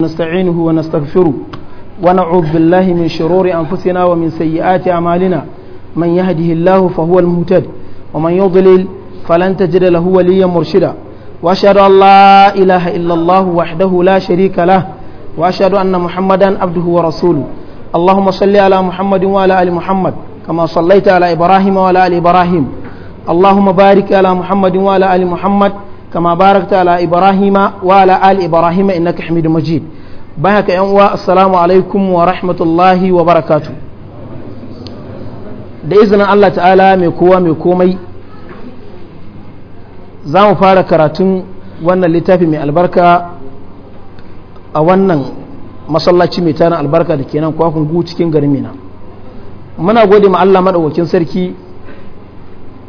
نستعينه ونستغفره ونعوذ بالله من شرور أنفسنا ومن سيئات أعمالنا من يهده الله فهو المهتد ومن يضلل فلن تجد له وليا مرشدا وأشهد أن لا إله إلا الله وحده لا شريك له وأشهد أن محمدا عبده ورسوله اللهم صل على محمد وعلى آل محمد كما صليت على إبراهيم وعلى آل إبراهيم اللهم بارك على محمد وعلى آل محمد كما باركت على إبراهيم وعلى آل إبراهيم إنك حميد مجيد uwa أنواع السلام عليكم ورحمة الله وبركاته da izinin Allah ta'ala mai kowa mai komai za mu fara karatun wannan littafi mai albarka a wannan masallaci mai taron albarka da ke nan kwakungu cikin garin mina muna gode ma Allah maɗaukakin sarki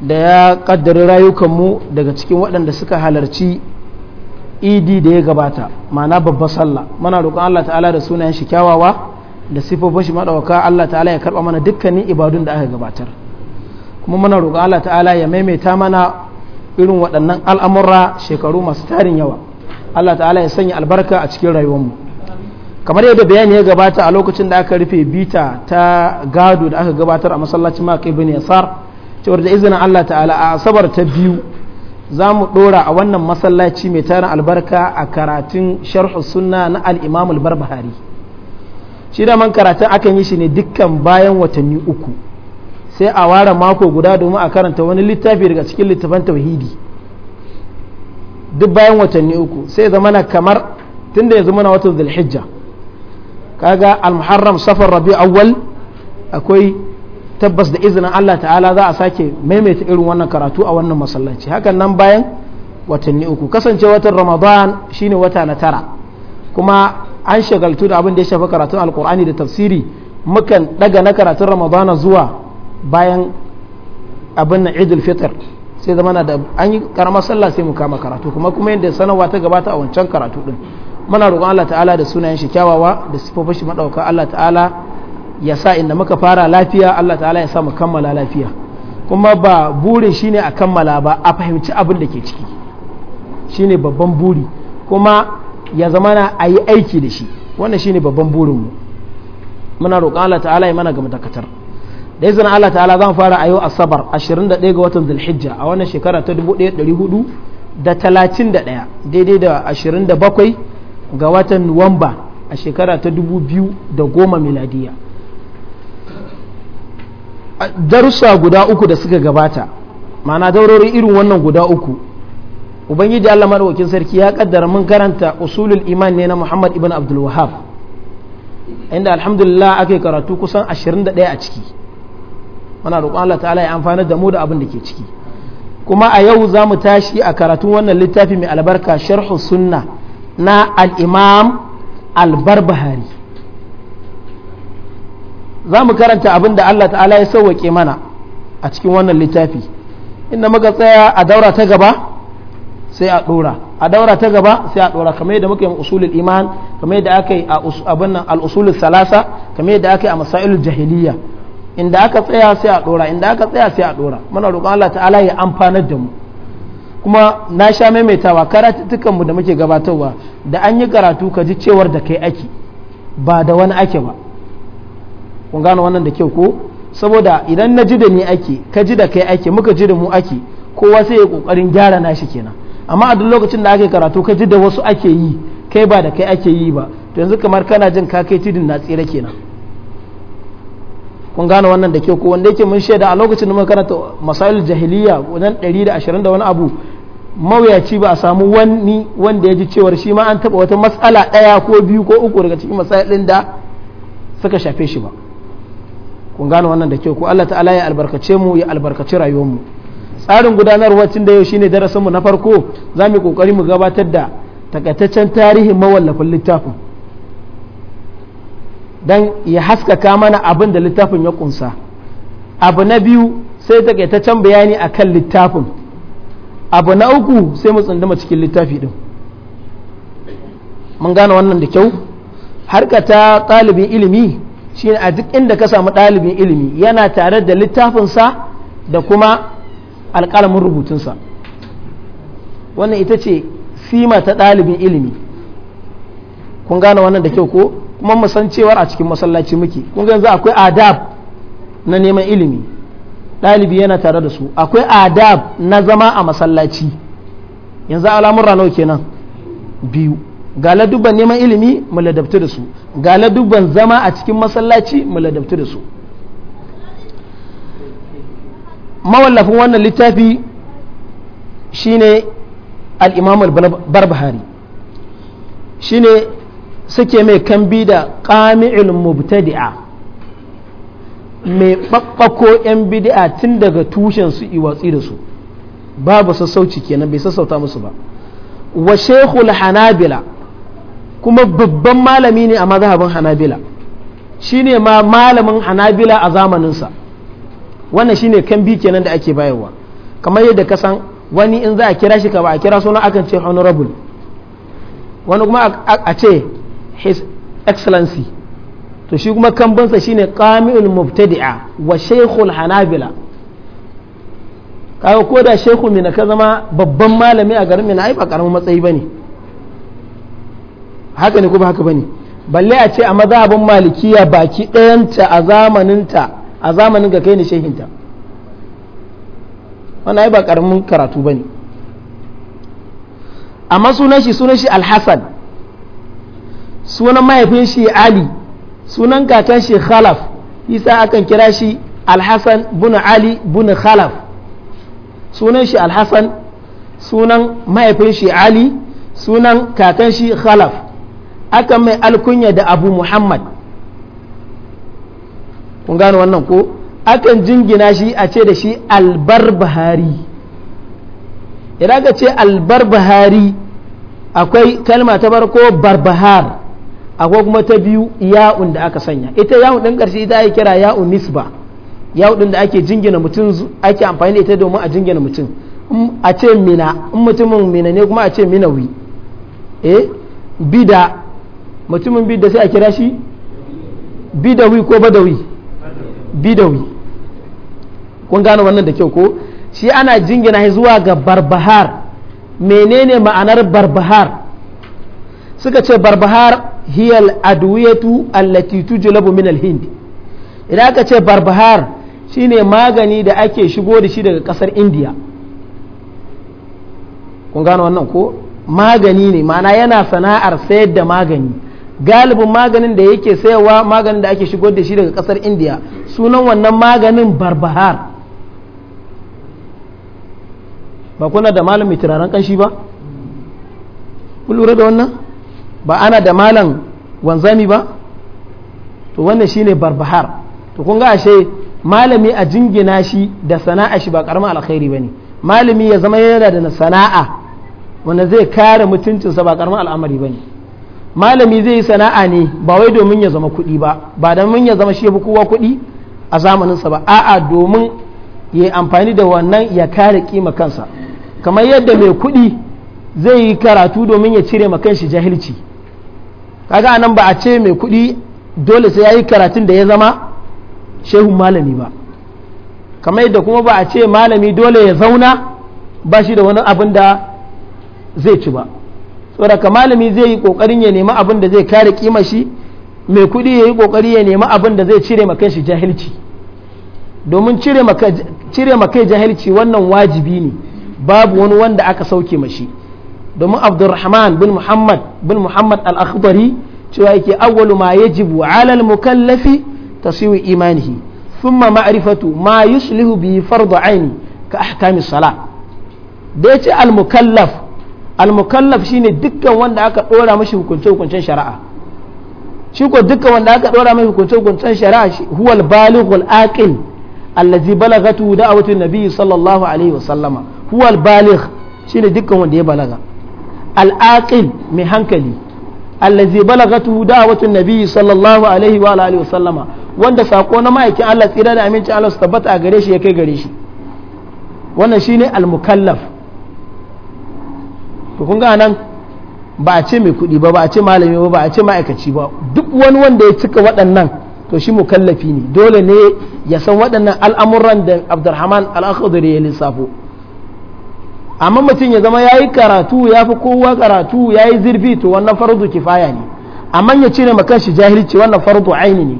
da ya kaddari rayukanmu daga cikin waɗanda suka halarci idi da ya gabata ma'ana babbar sallah mana roƙon Allah ta'ala da sunayen shi kyawawa da sifofin shi madawaka Allah ta'ala ya karɓa mana dukkanin ibadun da aka gabatar kuma mana roƙon Allah ta'ala ya maimaita mana irin waɗannan al'amura shekaru masu tarin yawa Allah ta'ala ya sanya albarka a cikin rayuwarmu kamar yadda bayani ya gabata a lokacin da aka rufe bita ta gado da aka gabatar a masallacin maka ibn yasar cewar da izinin Allah ta'ala a asabar ta biyu za mu ɗora a wannan masallaci mai tarin albarka a karatun sharhu sunna na al’imamul imam al shi da man karatun aka yi shi ne dukkan bayan watanni uku sai a ware mako guda domin a karanta wani littafi daga cikin littafan tauhidi duk bayan watanni uku sai zamana kamar tunda ya zama zamana watan zulhijja kaga al-muharram safar rabi awwal akwai tabbas da izinin Allah ta'ala za a sake maimaita irin wannan karatu a wannan masallaci hakan nan bayan watanni uku kasance watan ramadan shine wata na tara kuma an shagaltu da abin da ya shafi karatun alkur'ani da tafsiri mukan daga na karatun ramadan zuwa bayan abin na idul fitr sai zama na da an yi karamar sallah sai mu kama karatu kuma kuma yadda sanarwa ta gabata a wancan karatu din muna roƙon Allah ta'ala da sunayen shi kyawawa da sifofin shi madauka Allah ta'ala ya sa inda muka fara lafiya Allah ta'ala ya sa mu kammala lafiya kuma ba burin shine a kammala ba a fahimci abin da ke ciki shine babban buri kuma ya zamana a yi aiki da shi wannan shine babban burinmu muna roƙon Allah ta'ala ya mana ga matakatar da izinin Allah ta'ala zan fara a yau asabar 21 ga watan zulhijja a wannan shekara ta da ɗaya daidai da bakwai ga watan nuwamba a shekara ta biyu da goma miladiyya darussa guda uku da suka gabata mana daurori irin wannan guda uku ubangiji Allah madaukakin sarki ya kaddara mun karanta usulul iman ne na Muhammad ibn Abdul Wahhab inda alhamdulillah ake karatu kusan 21 a ciki muna roƙon Allah ta'ala ya amfana da mu da abin da ke ciki kuma a yau za mu tashi a karatun wannan littafi mai albarka sharhu sunna na al-imam al-barbahari za mu karanta abin da Allah ta'ala ya sauwaƙe mana a cikin wannan littafi inda muka tsaya a daura ta gaba sai a ɗora a daura ta gaba sai a ɗora kamar yadda muka yi usulul iman kamar yadda aka yi abin nan al'usulul salasa kamar yadda aka yi a masailul jahiliya inda aka tsaya sai a ɗora inda aka tsaya sai a ɗora muna roƙon Allah ta'ala ya amfanar da mu kuma na sha maimaitawa karatuttukan mu da muke gabatarwa da an yi karatu ka ji cewar da kai ake ba da wani ake ba kun gano wannan da kyau ko saboda idan na ji da ni ake ka ji da kai ake muka ji da mu ake kowa sai ya kokarin gyara nashi kenan amma a duk lokacin da ake karatu ka ji da wasu ake yi kai ba da kai ake yi ba to yanzu kamar kana jin ka kai tudun na tsira kenan kun gane wannan da kyau ko wanda yake mun shaida a lokacin da muka karanta masail jahiliya wajen 120 da wani abu mawuyaci ba a samu wani wanda ya ji cewar shi ma an taba wata matsala ɗaya ko biyu ko uku daga cikin masailin da suka shafe shi ba kun gane wannan da kyau ko Allah ta'ala ya albarkace mu ya albarkaci rayuwar mu tsarin gudanarwa tun da yau shine darasin mu na farko za mu kokari mu gabatar da takataccen tarihin mawallafin littafin Dan ya haskaka mana abin da littafin ya kunsa abu na biyu sai takaitaccen bayani akan littafin abu na uku sai mu tsunduma cikin littafi din mun gane wannan da kyau harka ta ɗalibin ilimi shi a duk inda ka samu ɗalibin ilimi yana tare da littafinsa da kuma alƙalamin rubutunsa wannan ita ce sima ta ɗalibin ilimi kun gane wannan da kyau ko kuma mu cewar a cikin masallaci muke kun yanzu akwai adab na neman ilimi ɗalibi yana tare da su akwai adab na zama a masallaci yanzu alamun rano kenan biyu ga ladubban neman ilimi mu ladabtu da su ga ladubban zama a cikin masallaci mu ladabtu da su mawallafin wannan littafi shine ne imam barbahari shine suke mai kambi da qami'ul mubtadi'a mai ɓaɓɓako yan bid'a tun daga tushen su iwatsi da su babu sassauci kenan bai sassauta musu ba wa shehu hanabila kuma babban malami ne a mazhabin hanabila shine ma malamin hanabila a zamaninsa wannan shine kambi kenan da ake bayarwa kamar yadda ka san wani in za a kira shi ka ba a kira suna akan ce honorable wani kuma a ce his excellency to shi kuma kambinsa shine kami'ul mubtadi'a wa shekul hanabila kawo ko da shekul mina ka zama babban malami a garin mina ai ba karamin matsayi ba ne. haka ne ko ba haka bane balle a ce a mazhabin malikiya baki ɗayanta a zamaninta a zamanin ga kai ne shehinta wannan ai ba karamin karatu bane amma sunan shi sunan shi alhassan sunan mahaifin shi ali sunan kakan shi khalaf isa akan kira shi alhassan bin ali bin khalaf sunan shi alhassan sunan mahaifin shi ali sunan kakan shi khalaf aka mai alkunya da abu muhammad kun gane wannan ko akan jingina shi a ce da shi albarbahari idan ka ce albarbahari akwai kalma ta farko barbahar akwai kuma ta biyu ya'un da aka sanya ita ya'un ɗin ƙarshe ita ake kira ya'un nisba ya'un ɗin da ake jingina mutum ake amfani da ita domin a jingina mutum a ce mina in mutumin mina ne kuma a ce minawi eh bida mutumin bi da sai a kira shi bidawi ko badawi bidawi kun gane wannan da kyau ko shi ana jingina zuwa ga barbahar menene ma'anar barbahar suka ce barbahar hiyal adwiyatu allati tujlabu min al-hind idan aka ce barbahar shine magani da ake shigo da shi daga kasar indiya kun gano wannan ko magani ne ma'ana yana sana'ar sayar da magani galibin maganin da yake sayarwa maganin da ake shigo da shi daga kasar indiya sunan wannan maganin barbahar ba kuna da malam mai turaren kanshi ba kun lura da wannan ba ana da malam wanzami ba to wannan shi ne barbahar to kun ga ashe malami a jingina shi da sana'a shi ba karamin alkhairi ne malami ya zama yana da sana'a wanda zai kare mutuncinsa ba karamin al'amari ba ne. malami zai yi sana'a ne ba wai domin ya zama kuɗi ba ba domin ya zama shebu kowa kuɗi a zamaninsa ba a'a domin ya amfani da wannan ya kare kima kansa kamar yadda mai kuɗi zai yi karatu domin ya cire makan shi jahilci kaga anan ba a ce mai kuɗi dole sai ya yi karatun da ya zama shehun malami ba kamar yadda kuma ba a ce malami dole ya zauna ba shi da wani abin da zai ci ba saboda malami zai yi kokarin ya nemi abin da zai kare kimar shi mai kuɗi ya yi kokari ya nemi abin da zai cire ma shi jahilci domin cire ma jahilci wannan wajibi ne babu wani wanda aka sauke mashi domin abdurrahman bin muhammad bin muhammad al-akhdari cewa yake awwalu ma yajibu ala al-mukallafi tasiwi imanihi thumma ma'rifatu ma yuslihu bi fardu aini ka ahkamis sala da yace al-mukallaf almukallaf shine dukkan wanda aka dora mashi hukunce hukuncen shari'a shi ko dukkan wanda aka dora mashi hukunce hukuncen shari'a shi huwal baligh al-aqil allazi balagatu da'watu nabi sallallahu alaihi wasallama huwa al-baligh shine dukkan wanda ya balaga al-aqil mai hankali allazi balagatu da'watu nabi sallallahu alaihi wa alihi wasallama wanda sako na ma'aikin Allah tsira da amincin Allah su tabbata a gare shi ya kai gare shi wannan shine al-mukallaf to kun ga nan ba a ce mai kuɗi ba ba a ce malami ba ba a ce ma'aikaci ba duk wani wanda ya cika waɗannan to shi mukallafi ne dole ne ya san waɗannan al'amuran da abdurrahman al'akhudari ya lissafo amma mutum ya zama ya yi karatu ya fi kowa karatu ya yi zirfi to wannan fardu kifaya ne amma ya cire makan shi jahilci wannan fardu aini ne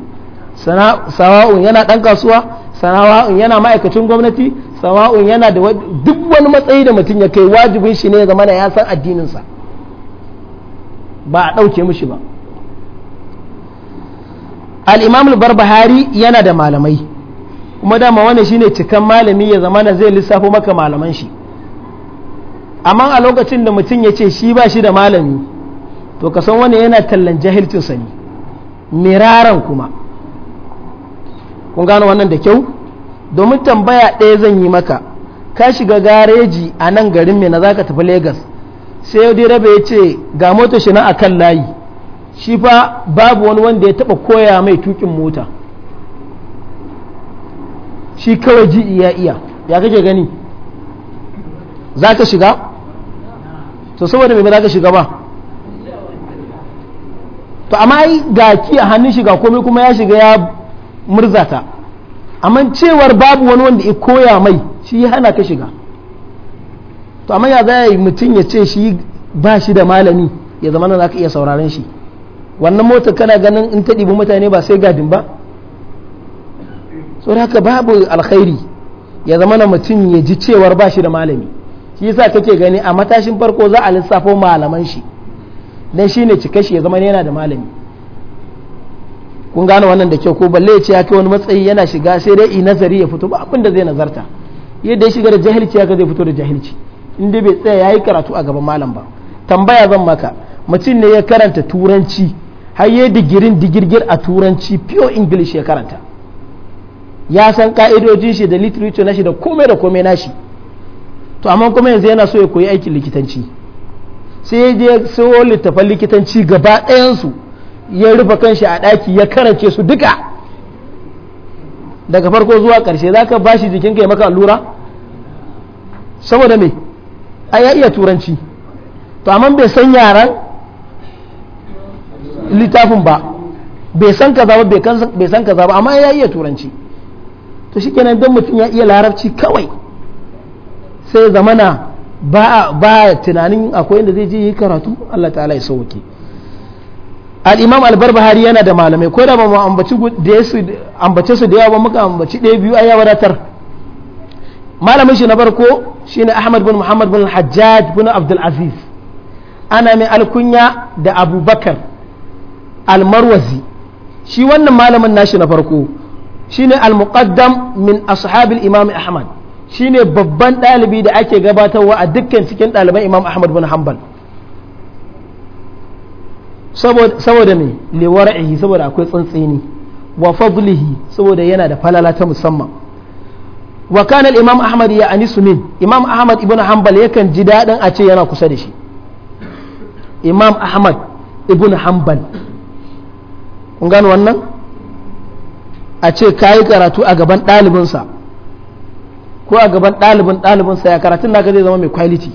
sawa'un yana ɗan kasuwa sanawa'un yana ma'aikacin gwamnati sanawa'un yana da duk wani matsayi da mutum ya kai wajibin shi ne ya zama ya san addininsa ba a ɗauke mishi ba al'imam al-barbahari yana da malamai kuma dama wani shine cikan malami ya zama zai lissafo maka malaman shi amma a lokacin da mutum ya ce shi ba shi da malami to ka san wani yana tallan jahilcinsa ne miraran kuma kun gano wannan da kyau domin tambaya ɗaya zan yi maka ka shiga gareji a nan garin mai na za ka tafi Legas sai yau direba ya ce ga mota shi na akan layi shi fa babu wani wanda ya taba koya mai tukin mota shi kawai ji iya iya ya kake gani za ka shiga to saboda mai ba za ka shiga ba to amma ga ki a hannun shiga komai kuma ya shiga ya murzata amma cewar babu wani wanda ya koya mai shi ya hana ka shiga to amma ya za yi mutum ya ce shi ba shi da malami ya zama na za iya sauraron shi wannan motar kana ganin in ta ɗibi mutane ba sai gadin ba so haka babu alkhairi ya zama na mutum ya ji cewar ba shi da malami shi yasa kake gani a matashin farko za a lissafo malaman shi dan shine shi ya zama yana da malami kun gane wannan da kyau ko balle ya ce ya kai wani matsayi yana shiga sai dai i nazari ya fito ba abin da zai nazarta yadda ya shiga da jahilci ya zai fito da jahilci in dai bai tsaya yayi karatu a gaban malam ba tambaya zan maka mutum ne ya karanta turanci har ya digirin digirgir a turanci pure english ya karanta ya san ka'idojin shi da literature nashi da komai da komai nashi to amma kuma yanzu yana so ya koyi aikin likitanci sai ya je littattafan littafan likitanci gaba ɗayansu su ya rufe kanshi a ɗaki ya karance su duka daga farko zuwa karshe za ka bashi jikinka ya maka allura saboda me a ya iya turanci to amma bai san yaran littafin ba bai san kaza ba bai san kaza ba amma ya iya turanci to shikenan don mutum ya iya larabci kawai sai zamana ba tunanin akwai inda zai je yi karatu Allah ta'ala ya sauke al'imam imam al yana da malamai ko da ba mu da ambace su da yawa muka ambaci ɗaya biyu a ya wadatar malamin shi na farko shine ahmad bin muhammad bin hajjaj bin abdul aziz ana mai alkunya da abubakar al-marwazi shi wannan malamin nashi na farko shine al min ashabil imam ahmad shine babban ɗalibi da ake gabatarwa a dukkan cikin ɗaliban imam ahmad bin hanbal saboda lewar liwara'ihi saboda akwai tsantseni wa fadlihi saboda yana da falala ta musamman wa kana imam ahmad ya anisu min imam ahmad ibn hanbal yakan ji dadin a ce yana kusa da shi imam ahmad ibn hanbal kun gano wannan a ce kayi karatu a gaban ɗalibinsa ko a gaban ɗalibin ɗalibinsa ya karatun naka zai zama mai quality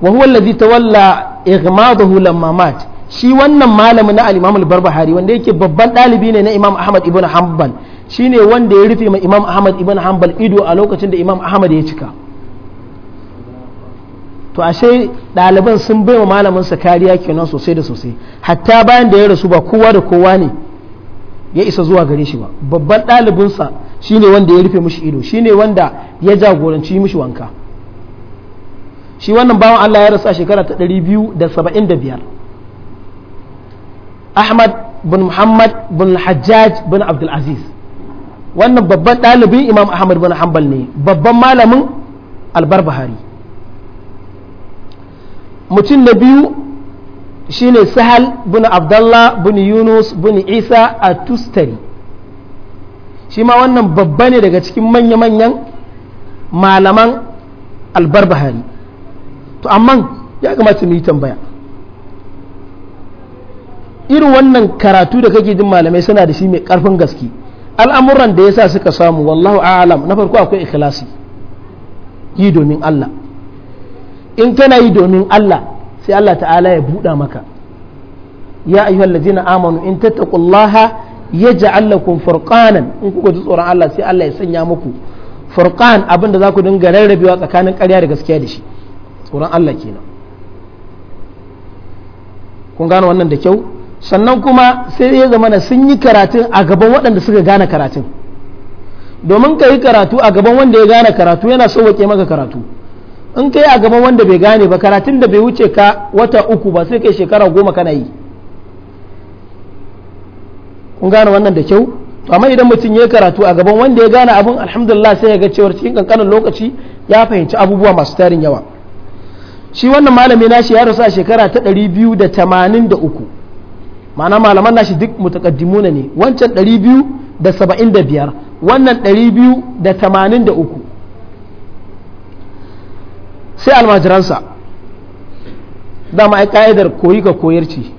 wa huwa alladhi tawalla igmaduhu lamma mat shi wannan malami na al-Imam al-Barbahari wanda yake babban dalibi ne na Imam Ahmad ibn Hanbal shine wanda ya rufe ma Imam Ahmad ibn Hanbal ido a lokacin da Imam Ahmad ya cika to ashe ɗaliban sun bai wa malamin sa kariya kenan sosai da sosai hatta bayan da ya rasu ba kowa da kowa ne ya isa zuwa gare shi ba babban ɗalibinsa shine wanda ya rufe mishi ido shine wanda ya jagoranci mishi wanka shi wannan bawan Allah ya rasu a shekara ta 275 Ahmad bin Muhammad bin Hajjaj bin Abdul Aziz wannan babban ɗalibin Imam Ahmad bin Hanbal ne babban malamin albarbahari mutum na biyu shine Sahal bin Abdullah bin Yunus bin Isa a Tustari shi ma wannan babba ne daga cikin manya-manyan malaman albarbahari to amma ya kamata mu yi tambaya irin wannan karatu da kake jin malamai suna da shi mai karfin gaske al'amuran da ya sa suka samu wallahu a'lam na farko akwai ikhlasi yi domin Allah in kana yi domin Allah sai Allah ta'ala ya buɗa maka ya ayyuhal ladina amanu in tattaqullaha yaj'al lakum furqanan in kuka ji tsoron Allah sai Allah ya sanya muku furqan abinda za ku dinga rarrabewa tsakanin ƙarya da gaskiya da shi tsoron Allah kenan kun gane wannan da kyau sannan kuma sai ya zama na sun yi karatun a gaban waɗanda suka gane karatun domin ka yi karatu a gaban wanda ya gane karatu yana sauwaƙe maka karatu in ka yi a gaban wanda bai gane ba karatun da bai wuce ka wata uku ba sai kai shekara goma kana yi kun gane wannan da kyau to amma idan mutum ya yi karatu a gaban wanda ya gane abun alhamdulillah sai ya ga cewar cikin kankanin lokaci ya fahimci abubuwa masu tarin yawa shi wannan malami nashi ya rasu a shekara ta 283 ma'ana malaman nashi duk mutakaddimuna ne wancan 275 wannan 283 sai almajiransa dama ai ka'idar koyi ga koyarci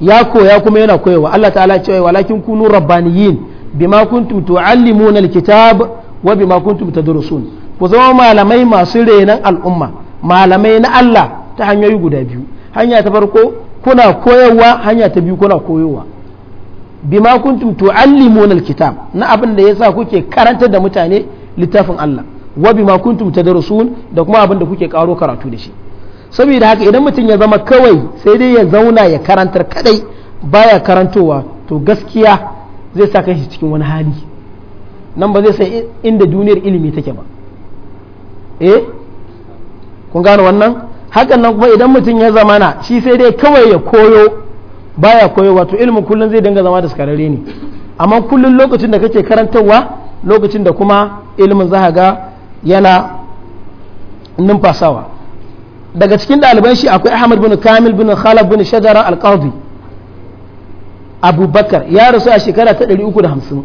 ya koya kuma yana koyawa Allah ta'ala cewa walakin kunu rabbaniyin bima kuntum tu'allimuna alkitab wa bima kuntum tadrusun ku zama malamai masu renan al'umma malamai na Allah ta hanyoyi guda biyu hanya ta farko kuna koyarwa hanya ta biyu kuna koyowa bima kuntum tuallimuna alkitab na abin da yasa kuke karantar da mutane littafin Allah wa bima kuntum tadrusun da kuma abin da kuke karo karatu da shi saboda haka idan mutum ya zama kawai sai dai ya zauna ya karantar kadai baya karantowa to gaskiya zai sa shi cikin wani hali nan ba zai san inda duniyar ilimi take ba eh kun gane wannan hakan nan kuma idan mutum ya zamana shi sai dai kawai ya koyo baya koyo wato ilimin kullum zai dinga zama da sakarare ne amma kullum lokacin da kake karantarwa lokacin da kuma ilimin za ga yana numfasawa daga cikin ɗaliban shi akwai ahmad bin kamil bin khalaf bin shajara al-qadi abubakar ya rasu a shekara ta 350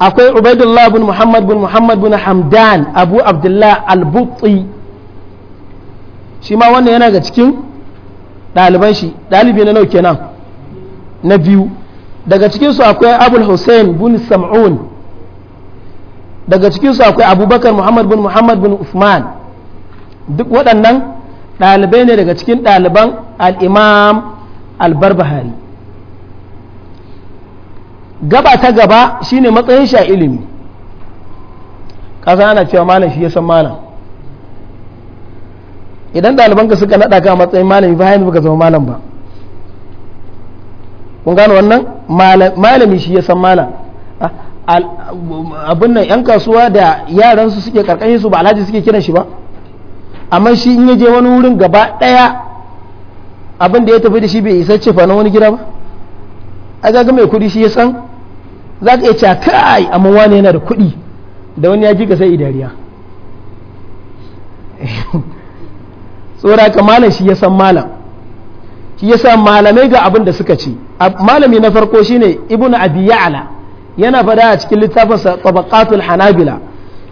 akwai ubaidullah bin muhammad bin muhammad bin hamdan abu abdullah al-butti shi ma wannan yana ga cikin ɗaliban shi ɗalibi na nauke nan na biyu daga cikinsu akwai abul hussein bin sam'un daga cikinsu akwai abubakar muhammad bin muhammad bin usman duk waɗannan ɗalibai ne daga cikin ɗaliban al'imam albarbahari gaba ta gaba shine matsayin sha ilimi ƙasa ana cewa malam shi ya san malam idan ɗalibanka suka naɗa ka a matsayin malami ba yanzu baka zama malam ba kun gano wannan malami shi ya san malam ah, abin nan yan kasuwa da yaran su suke karkashin su ba alhaji suke kiran shi ba amma shi in ya je wani wurin gaba ɗaya abin da ya tafi da shi bai isa ce fa na wani gida ba a ga mai kuɗi shi ya san za ka iya cewa kai amma wani yana da kuɗi da wani ya ji ka sai idariya tsora ka malam shi ya san malam shi san malamai ga abin da suka ce malami na farko shine ibnu abi ya'la yana fada a cikin littafin sa tabaqatul hanabila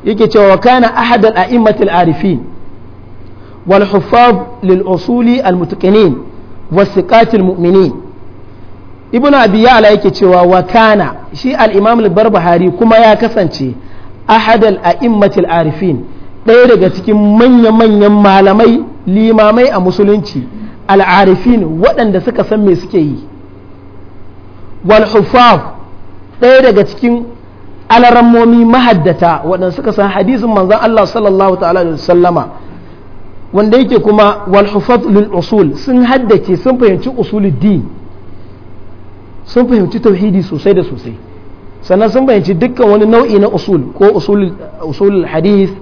yake cewa kana ahad al a'immat al arifin wal huffaz lil usuli al mutaqinin was siqat al mu'minin ibnu abi ya'la yake cewa wa kana shi al imam al barbahari kuma ya kasance ahad al a'immat al arifin ɗaya daga cikin manya-manyan malamai limamai a musulunci al'arifin waɗanda suka san me suke yi walhufaf ɗaya daga cikin alarammomi mahaddata waɗanda suka san hadisin manzan Allah sallallahu ta'ala da sallama wanda yake kuma walhufat lil usul sun haddace sun fahimci din sun fahimci tauhidi sosai da sosai sannan sun fahimci dukkan wani nau'i na usul ko usul hadith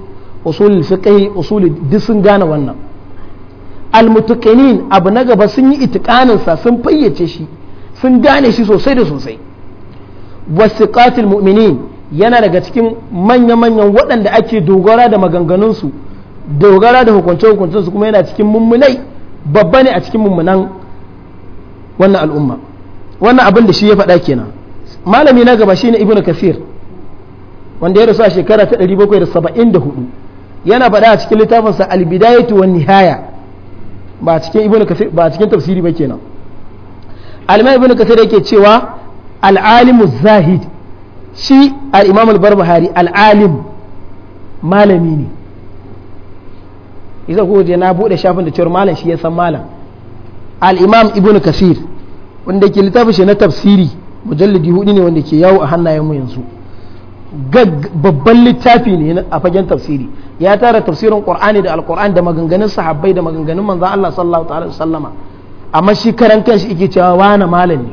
usulul fiqh usul duk sun gane wannan almutaqinin abu na gaba sun yi itikanin sa sun fayyace shi sun gane shi sosai da sosai wasiqatul mu'minin yana daga cikin manya-manyan waɗanda ake dogara da maganganunsu dogara da hukuncin su kuma yana cikin mummunai babba ne a cikin mummunan wannan al'umma wannan abin da shi ya faɗa kenan malami na gaba shine ibnu kasir wanda ya rasu a shekara ta 774 yana faɗa a cikin littafinsa albidayatu wan nihaya ba cikin ibn kasir ba cikin tafsiri ba kenan alma ibn kasir yake cewa al-alimu zahid shi al-imam al-barbahari al-alim malami ne idan ko je na bude shafin da cewar malam shi ya san malam al-imam ibn kasir wanda ke littafin shi na tafsiri mujallidi hudu ne wanda ke yawo a hannayen mu yanzu babban littafi ne a fagen tafsiri ya tara tafsirin qur'ani da alqur'an da maganganun sahabbai da maganganun manzon Allah sallallahu alaihi sallama amma shi karan kanshi yake cewa wani malam ne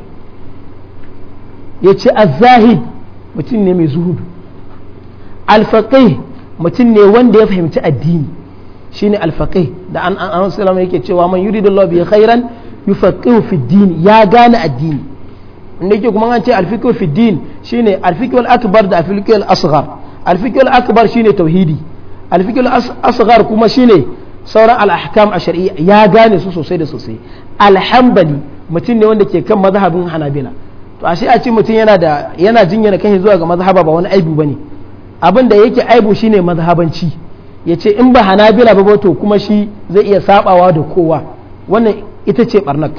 yace az-zahid mutum ne mai zuhudu al-faqih mutum ne wanda ya fahimci addini shine al-faqih da an an sallama yake cewa man yuridullahu bi khairan yufaqihu fi din ya gane addini inda yake kuma an ce alfikul fiddin shine alfikul akbar da alfikul asghar alfikul akbar shine tauhidi alfikul asghar kuma shine sauran al'ahkam a shari'a ya gane su sosai da sosai alhambali mutum ne wanda ke kan mazhabin hanabila to ashe a ce mutum yana da yana jinyana kai zuwa ga mazhaba ba wani aibu bane abin da yake aibu shine mazhabanci ce in ba hanabila ba to kuma shi zai iya sabawa da kowa wannan ita ce barnak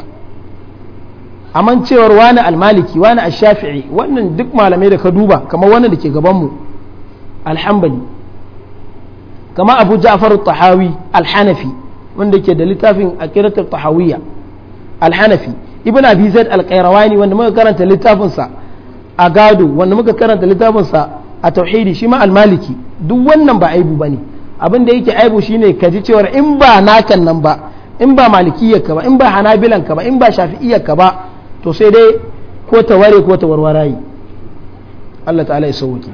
amma cewar wani almaliki wani ashafi'i wannan duk malamai da ka duba kamar wannan da ke gabanmu alhambali kama abu ja'far tahawi alhanafi wanda ke da littafin akiratul tahawiyya alhanafi ibn abi zaid alqairawani wanda muka karanta littafinsa a gado wanda muka karanta littafinsa a tauhidi shi ma almaliki duk wannan ba aibu bane abin da yake aibu shine ka ji cewar in ba nakan nan ba in ba ka ba in ba hanabilanka ba in ba ka ba to sai dai ko ta ware ko ta yi Allah ta'ala ya sauki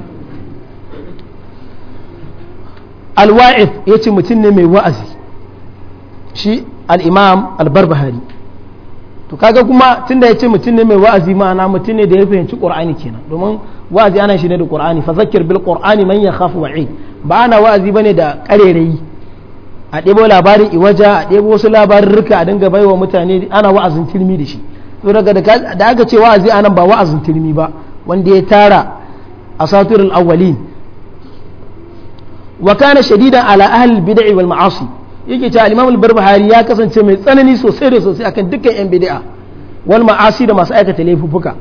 alwa'if ya ce mutum ne mai wa'azi shi al'imam albarbahari to kaga kuma tunda ya ce mutum ne mai wa'azi ma'ana mutum ne da ya fahimci ƙur'ani kenan domin wa'azi ana shi ne da qur'ani fa zakkir bil qur'ani man ya khafu wa'id ba ana wa'azi bane da karerayi a ɗebo labarin iwaja a ɗebo wasu labarin rika a dinga baiwa mutane ana wa'azin tilmi da shi to daga da aka ce wa'azi anan ba wa'azin turmi ba wanda ya tara a al-awwalin wa kana shadidan ala ahli al-bid'i wal ma'asi yake cewa al-imam al-barbahari ya kasance mai tsanani sosai da sosai akan dukkan yan bid'a wal ma'asi da masu aikata laifuka.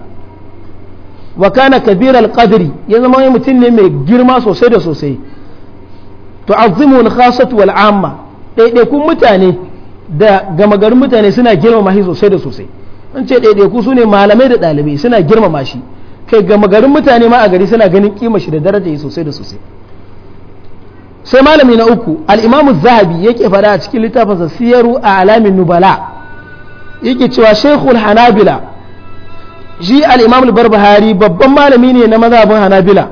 wa kana kabir al-qadri ya zama mutum ne mai girma sosai da sosai tu'azzimu al-khassatu wal 'amma kun mutane da gama garin mutane suna girmama shi sosai da sosai an ce ɗaiɗaiku su ne malamai da ɗalibai suna girmama shi kai gama garin mutane ma a gari suna ganin kima shi da daraja yi sosai da sosai sai malami na uku al'imamu zahabi yake fada a cikin littafinsa siyaru a alamin nubala yake cewa shekul hanabila shi al'imamu barbahari babban malami ne na mazabin hanabila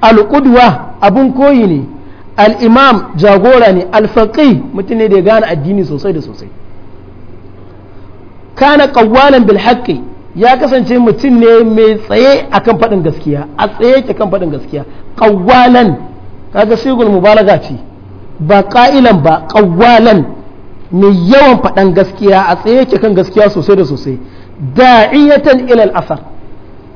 al'udwa abun koyi ne al'imam jagora ne alfaƙi mutum ne da ya gane addini sosai da sosai kana kawalan bil haqqi ya kasance mutum ne mai tsaye akan faɗin gaskiya a tsaye yake kan faɗin gaskiya qawwalan kaga sigul mubalaga ce ba qa'ilan ba kawalan mai yawan faɗan gaskiya a tsaye yake kan gaskiya sosai da sosai da'iyatan ila asar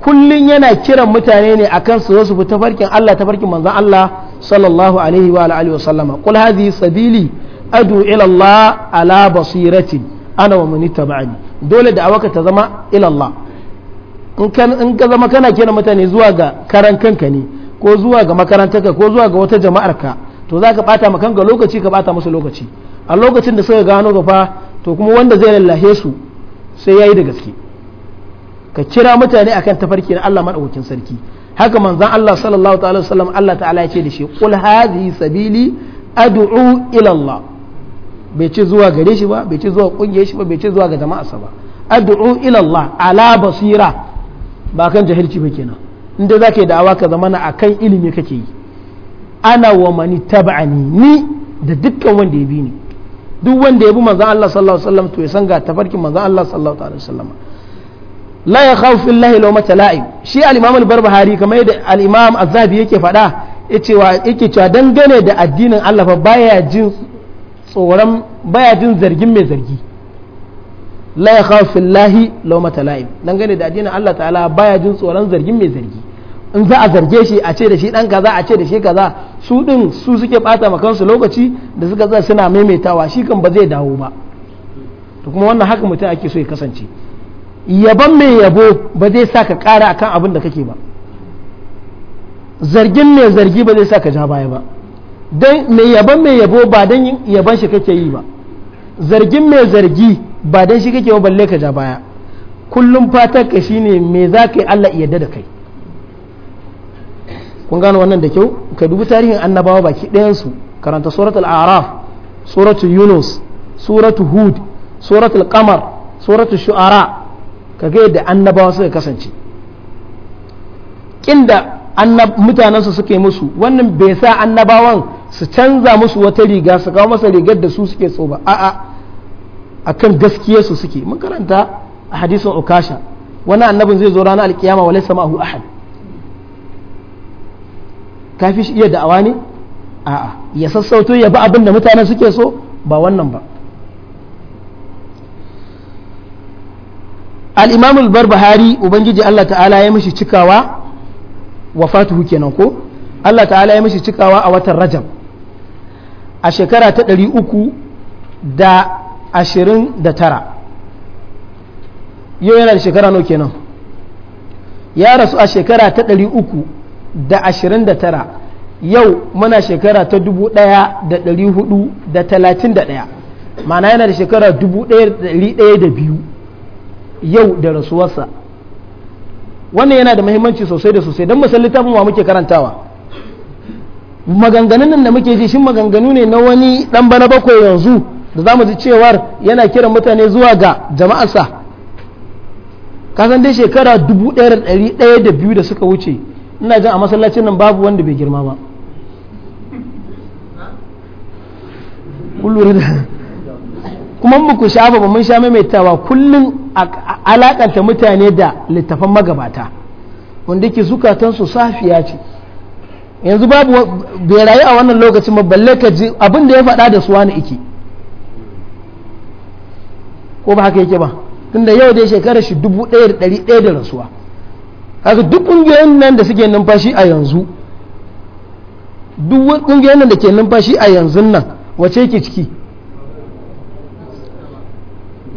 kullun yana kiran mutane ne akan su zo su bi tafarkin Allah tafarkin manzon Allah sallallahu alaihi wa alihi wa sallama qul hadhihi sabili adu ila Allah ala basiratin ana wa mani ba'ani dole da awaka ta zama ilallah in ka zama kana kira mutane zuwa ga karan kanka ne ko zuwa ga makarantaka ko zuwa ga wata jama'ar ka to za ka bata ma kanka lokaci ka bata musu lokaci a lokacin da suka gano ka fa to kuma wanda zai lallahe su sai yayi da gaske ka kira mutane akan tafarki na Allah madaukakin sarki haka manzon Allah sallallahu ta'ala wasallam Allah ta'ala ya ce da shi qul hadhihi sabili ad'u ila Allah bai ce zuwa gare shi ba bai ce zuwa kungiyar shi ba bai ce zuwa ga jama'arsa ba addu'u ila Allah ala basira ba kan jahilci ba kenan inda zake yi da'awa ka zamana akan ilimi kake yi ana wa mani taba'ani ni da dukkan wanda ya bi ni duk wanda ya bi manzon Allah sallallahu alaihi wasallam to ya san ga tafarkin manzon Allah sallallahu alaihi wasallam la ya khawfi Allah law matala'im shi al-Imam al-Barbahari kamar yadda al-Imam Az-Zahabi yake faɗa yace wa yake cewa dangane da addinin Allah fa baya jin tsoron baya jin zargin mai zargi la ya khafi lahi laumata la'im dangane da addinin Allah ta'ala baya jin tsoron zargin mai zargi in za a zarge shi a ce da shi dan kaza a ce da shi kaza su din su suke bata ma kansu lokaci da suka za suna maimaitawa shi kan ba zai dawo ba to kuma wannan haka mutum ake so ya kasance yaban mai yabo ba zai sa ka kara akan abin da kake ba zargin mai zargi ba zai sa ka ja baya ba dan mai yaban mai yabo ba dan yaban shi kake yi ba zargin mai zargi ba dan shi kake ba balle ka ja baya kullum fatar ka shine me za ka yi Allah yarda da kai kun gano wannan da kyau ka dubi tarihin annabawa baki ɗayansu karanta suratul araf suratul yunus suratul hud suratul kamar suratul shu'ara ka ga yadda annabawa suka kasance kinda mutanensu suke musu wannan bai sa annabawan su canza musu wata riga su kawo masa rigar da su suke so ba a'a akan su suke mun karanta a hadisin ukasha wani annabin zai zo rana alkiyama wa sama ma'ahu ahad kafi shi iya da'awa ne a'a ya sassauto ya bi abin da mutane suke so ba wannan ba al-imam al-barbahari ubangiji Allah ta'ala ya mishi cikawa wafatuhu kenan ko Allah ta'ala ya mishi cikawa a watan rajab a shekara ta ɗari uku da ashirin da tara yau yana da shekara nau kenan ya rasu a shekara ta ɗari uku da ashirin da tara yau muna shekara ta dubu ɗaya da ɗari hudu da talatin da ɗaya ma'ana yana da shekara dubu ɗaya da ɗaya da biyu yau da rasuwarsa wannan yana da muhimmanci sosai da sosai don musan littafin wa muke karantawa maganganun nan da muke ji shin maganganu ne na wani dan bana bakwai yanzu da za mu ji cewar yana kiran mutane zuwa ga jama'arsa kasan dai shekara dubu da ɗari ɗaya da biyu da suka wuce ina jin a masallacin nan babu wanda bai girma ba kuma mu ku ba mun sha maimaitawa kullum alakanta mutane da littafan magabata wanda ke zukatan su safiya ce yanzu babu bai rayu a wannan lokacin balle ka ji abin da ya faɗa da suwa na iki ko ba haka yake ba tunda yau dai shekarar shi dubu ɗaya da ɗari ɗaya da rasuwa haka duk ƙungiyoyin nan da suke numfashi a yanzu duk ƙungiyoyin nan da ke numfashi a yanzu nan wace ke ciki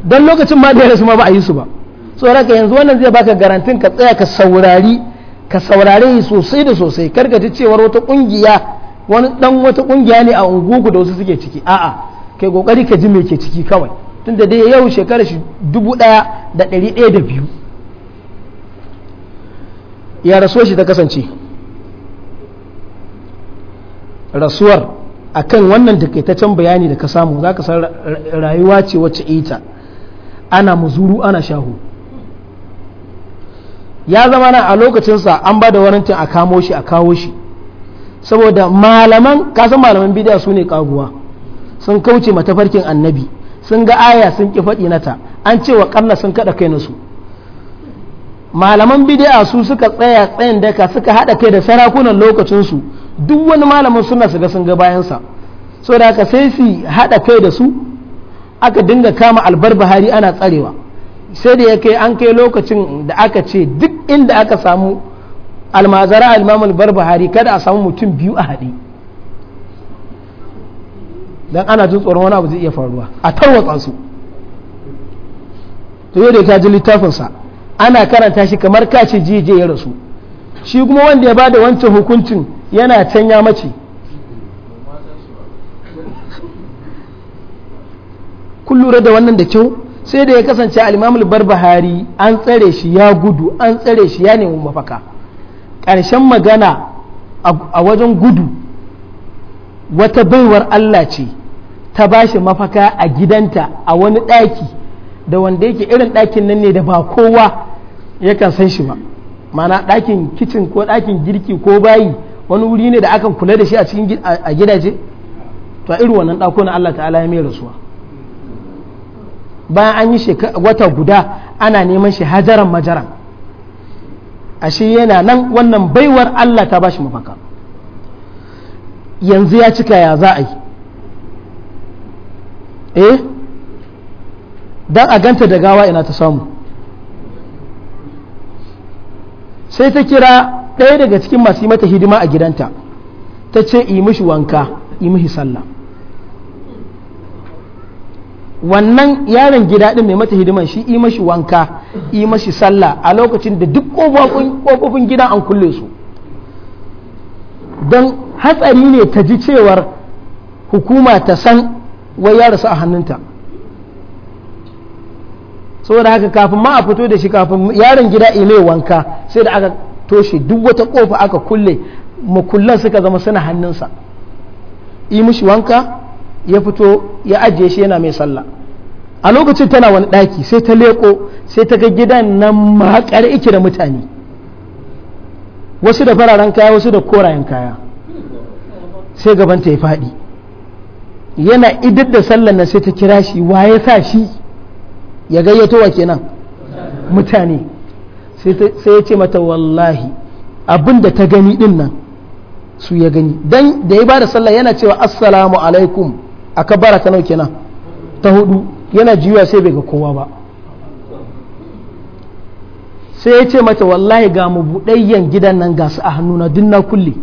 don lokacin ma da ya rasu ma ba a yi su ba tsoraka yanzu wannan zai baka garantin ka tsaya ka saurari ka saurare sosai da sosai ka ji cewar wata kungiya wani dan wata kungiya ne a unguku da wasu suke ciki a kai kokari ka ji me ke ciki kawai tunda dai yau shekarar shi dubu ɗaya da ɗari ɗaya da biyu ya rasuwar shi ta kasance rasuwar akan wannan takaitaccen bayani da ka samu za ka san rayuwa ce wacce ita ana muzuru ana shahu ya zama na a lokacinsa an ba da warantin a kamo shi a kawo shi saboda malaman kasan malaman bidiya su ne kaguwa sun kauce matafarkin annabi sun ga aya sun ki faɗi nata an cewa ƙalla sun kaɗa kai nasu malaman bidiya su suka tsaya tsayin daka suka haɗa kai da sarakunan lokacinsu duk wani malamin suna su ga sun ga bayansa saboda haka sai su haɗa kai da su aka dinga kama albar bahari ana tsarewa sai da ya kai an kai lokacin da aka ce duk inda aka samu almazara almam albar bahari kada a samu mutum biyu a haɗe don ana jin tsoron wani abu zai iya faruwa a tarwatsa su to yau da ta ji littafinsa ana karanta shi kamar kace jiye ya rasu shi kuma wanda ya bada wancan hukuncin yana can mace kun lura da wannan da kyau sai da ya kasance alimamul bar barbahari an tsare shi ya gudu an tsare shi ya nemi mafaka ƙarshen magana a wajen gudu wata baiwar Allah ce ta ba shi mafaka a gidanta a wani ɗaki da wanda yake irin ɗakin nan ne da ba kowa yakan san shi ba mana ɗakin kicin ko ɗakin girki ko bayi wani wuri ne da akan kula da shi a cikin gidaje to irin wannan ɗako na Allah ta'ala ya mai rasuwa bayan an yi wata guda ana neman shi hajaran majaran ashe yana nan wannan baiwar Allah ta bashi mafaka yanzu ya cika ya za a yi eh don a ganta da gawa ina ta samu sai ta kira ɗaya daga cikin masu yi mata hidima a gidanta ta ce yi mishi wanka yi mishi sallah wannan yaron gida ɗin mai mata hidiman shi yi mashi wanka yi mashi sallah a lokacin da duk kofofin gidan an kulle su don hatsari ne ta ji cewar hukuma ta san wai ya rasu a hannunta saboda haka kafin ma a fito da shi kafin yaron gida ile wanka sai da aka toshe duk wata ƙofa aka kulle makullan suka zama suna hannunsa yi mashi wanka ya fito ya ajiye shi yana mai sallah a lokacin tana wani ɗaki sai ta leko sai ta ga gidan nan makar iki da mutane wasu da fararen kaya wasu da korayen kaya sai gabanta ya faɗi yana idar da sallar nan sai ta kira shi wa ya sa shi ya gayyato wa kenan mutane sai ya ce mata wallahi abin da ta gani din nan su ya gani dan da ya bada sallah yana cewa assalamu alaikum a kabara ta nauke nan ta hudu yana juya sai bai ga kowa ba sai ya ce mata wallahi ga mu buɗayyen gidan nan ga su a hannuna duk na kulle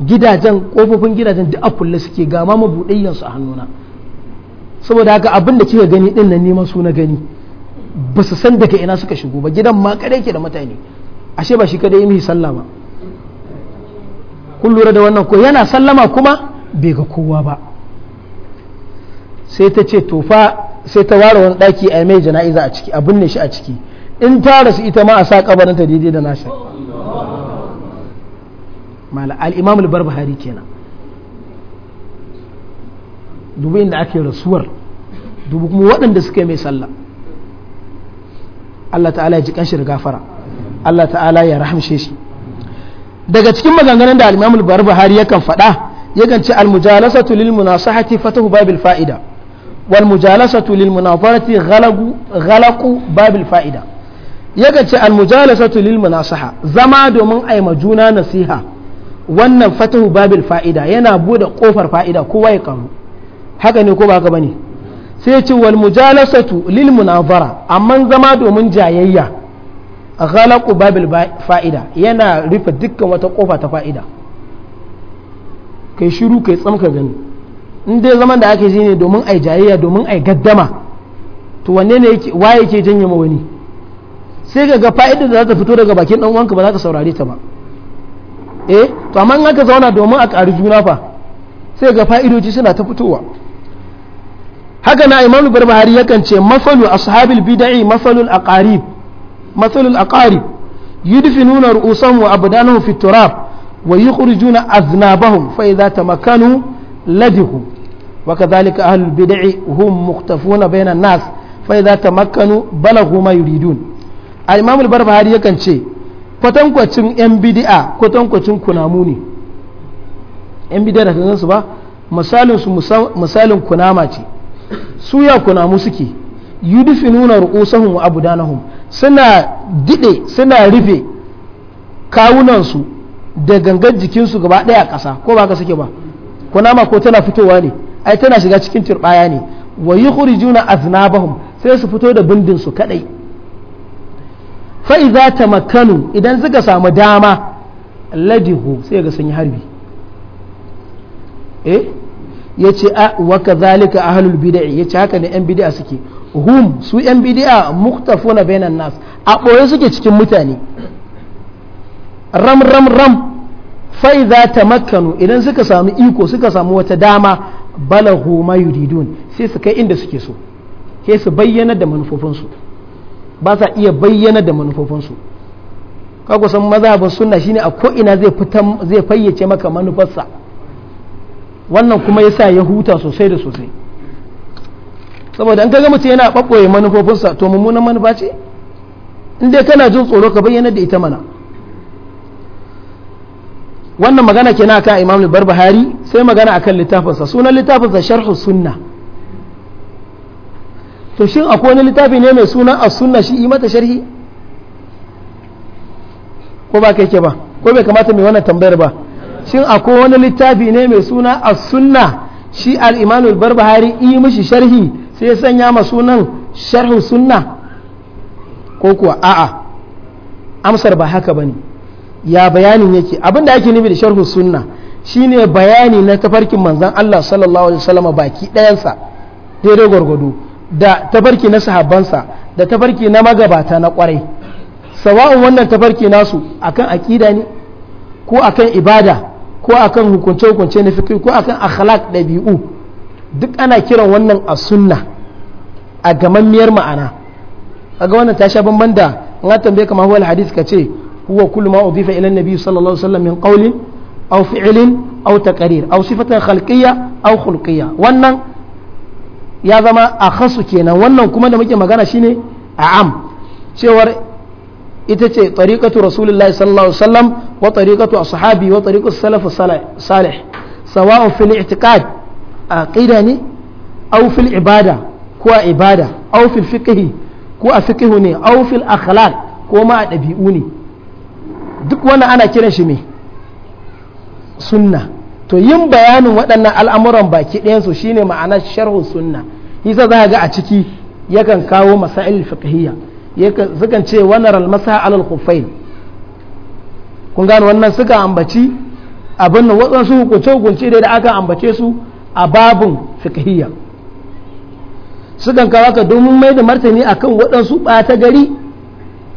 gidajen ƙofofin gidajen duk a kulle suke ga ma mu mabuɗayyan su a hannuna saboda haka abin da kika gani din nan neman su na gani ba su san daga ina suka shigo ba gidan ma kadai ke da mutane ashe ba shi kadai yi sallah sallama kun lura da wannan ko yana sallama kuma bai ga kowa ba sai ta ce tofa sai ta ware wani ɗaki a mai jana'iza a ciki a binne shi a ciki in ta rasu ita ma a sa kabarin ta daidai da nashi mala al-imam al-barbahari kenan dubu inda ake rasuwar dubu kuma waɗanda suka yi mai sallah Allah ta'ala ya ji kanshi da gafara Allah ta'ala ya rahamshe shi daga cikin maganganun da al-imam al-barbahari yakan faɗa yakan ce almujalasatu lil munasahati fatahu babil fa'ida wal mujalasatu lil munafarati ghalaqu ghalaqu babil fa'ida yakan ce almujalasatu lil munasaha zama domin ai juna nasiha wannan fatahu babil fa'ida yana buɗe ƙofar fa'ida kowa ya karu haka ne ko ba haka bane sai ya ce wal mujalasatu lil amma zama domin jayayya ghalaqu babil fa'ida yana rufe dukkan wata ƙofa ta fa'ida kai shiru kai tsamka gani in dai zaman da ake ji ne domin ai jayayya domin ai gaddama to wanne ne yake waye yake janye ma wani sai ga ga fa'ida da za ta fito daga bakin dan uwanka ba za ka saurare ta ba eh to amma in aka zauna domin a ƙari juna fa sai ga fa'idoji suna ta fitowa haka na imam barbahari yakan ce masalu ashabil bid'i mafalul aqarib masalul aqarib yudfinuna ru'usahum wa abdanahum fit turab ويخرجون أذنابهم فإذا تمكنوا لدهم وكذلك أهل البدع هم مختفون بين الناس فإذا تمكنوا بلغوا ما يريدون الإمام البربهاري يكن شيء kwatankwacin 'yan bidi'a kwatankwacin kunamu ne 'yan bidi'a da kansu ba misalinsu misalin kunama ce suya kunamu suke yudfinuna ru'usahum wa abudanahum suna dide suna rufe kawunansu da gangan jikinsu gaba ɗaya a ƙasa ko ba ka suke ba kunama ko tana fitowa ne ai tana shiga cikin turɓaya ne wa a zinabahun sai su fito da bindin su kadai fa idza idan suka samu dama ladihu sai ga sun harbi eh ce a a halul bida'i ya yace haka ne yan suke hum su yan bid'a muktafuna bainan nas a ɓoye suke cikin mutane ram ram ram fai za ta makanu idan suka samu iko suka samu wata dama balahu ma yuridun sai su kai inda suke so sai su bayyana da manufofinsu ba sa iya bayyana da manufofinsu kaku san mazhabin sunna shine a ko'ina zai fitan zai fayyace maka manufarsa wannan kuma yasa ya huta sosai da sosai saboda an kaga mutum yana ɓaɓɓoye manufofinsa to mummunan manufa ce in dai kana jin tsoro ka bayyana da ita mana wannan magana kenan akan imam barbahari sai magana akan littafinsa sunan littafinsa sharhu sunna to shin akwai wani littafi ne mai sunan a sunna shi mata sharhi ko ba kai ke ba ko bai kamata mai wannan tambayar ba shin akwai wani littafi ne mai suna a sunna shi al imam barbahari yi mishi sharhi sai sanya ma sunan sharhu sunna ko kuwa a'a amsar ba haka ba ne. ya bayanin yake abinda ake nufi da sharhu sunna shine bayani na tafarkin manzan Allah sallallahu alaihi wasallam baki ɗayansa daidai gwargwado da tafarki na sahabbansa da tafarki na magabata na kwarai sawa'un wannan tafarki nasu akan aƙida ne ko akan ibada ko akan hukunce-hukunce na fikri ko akan akhlaq dabi'u duk ana kiran wannan a sunna a gamammiyar ma'ana kaga wannan ta sha bamban da in ka tambaye kamar huwal hadis ka ce huwa kullu ma udifa ila nabi sallallahu alaihi wasallam min qawlin aw fi'lin aw taqrir aw sifatan khalqiyya aw khulqiyya wannan ya zama a khasu kenan wannan kuma da muke magana shine a'am cewar ita ce tariqatu rasulullahi sallallahu alaihi wasallam wa tariqatu ashabi wa tariqatu salaf salih sawa'un fil i'tiqad aqida ne aw fil ibada ko a ibada aw fil fiqh ko a fiqh ne aw akhlaq ko ma a dabi'u ne duk wani ana kiran shi me sunna to yin bayanin waɗannan al'amuran baki ɗayansu shine ma'ana sharhu sunna yasa za ga a ciki yakan kawo masail fiqhiyya sukan ce wannan almasa alal khuffain kun gano wannan suka ambaci abin nan waɗansu hukunce hukunce da aka ambace su a babun fiqhiyya sukan kawo ka domin mai da martani akan waɗansu ɓata gari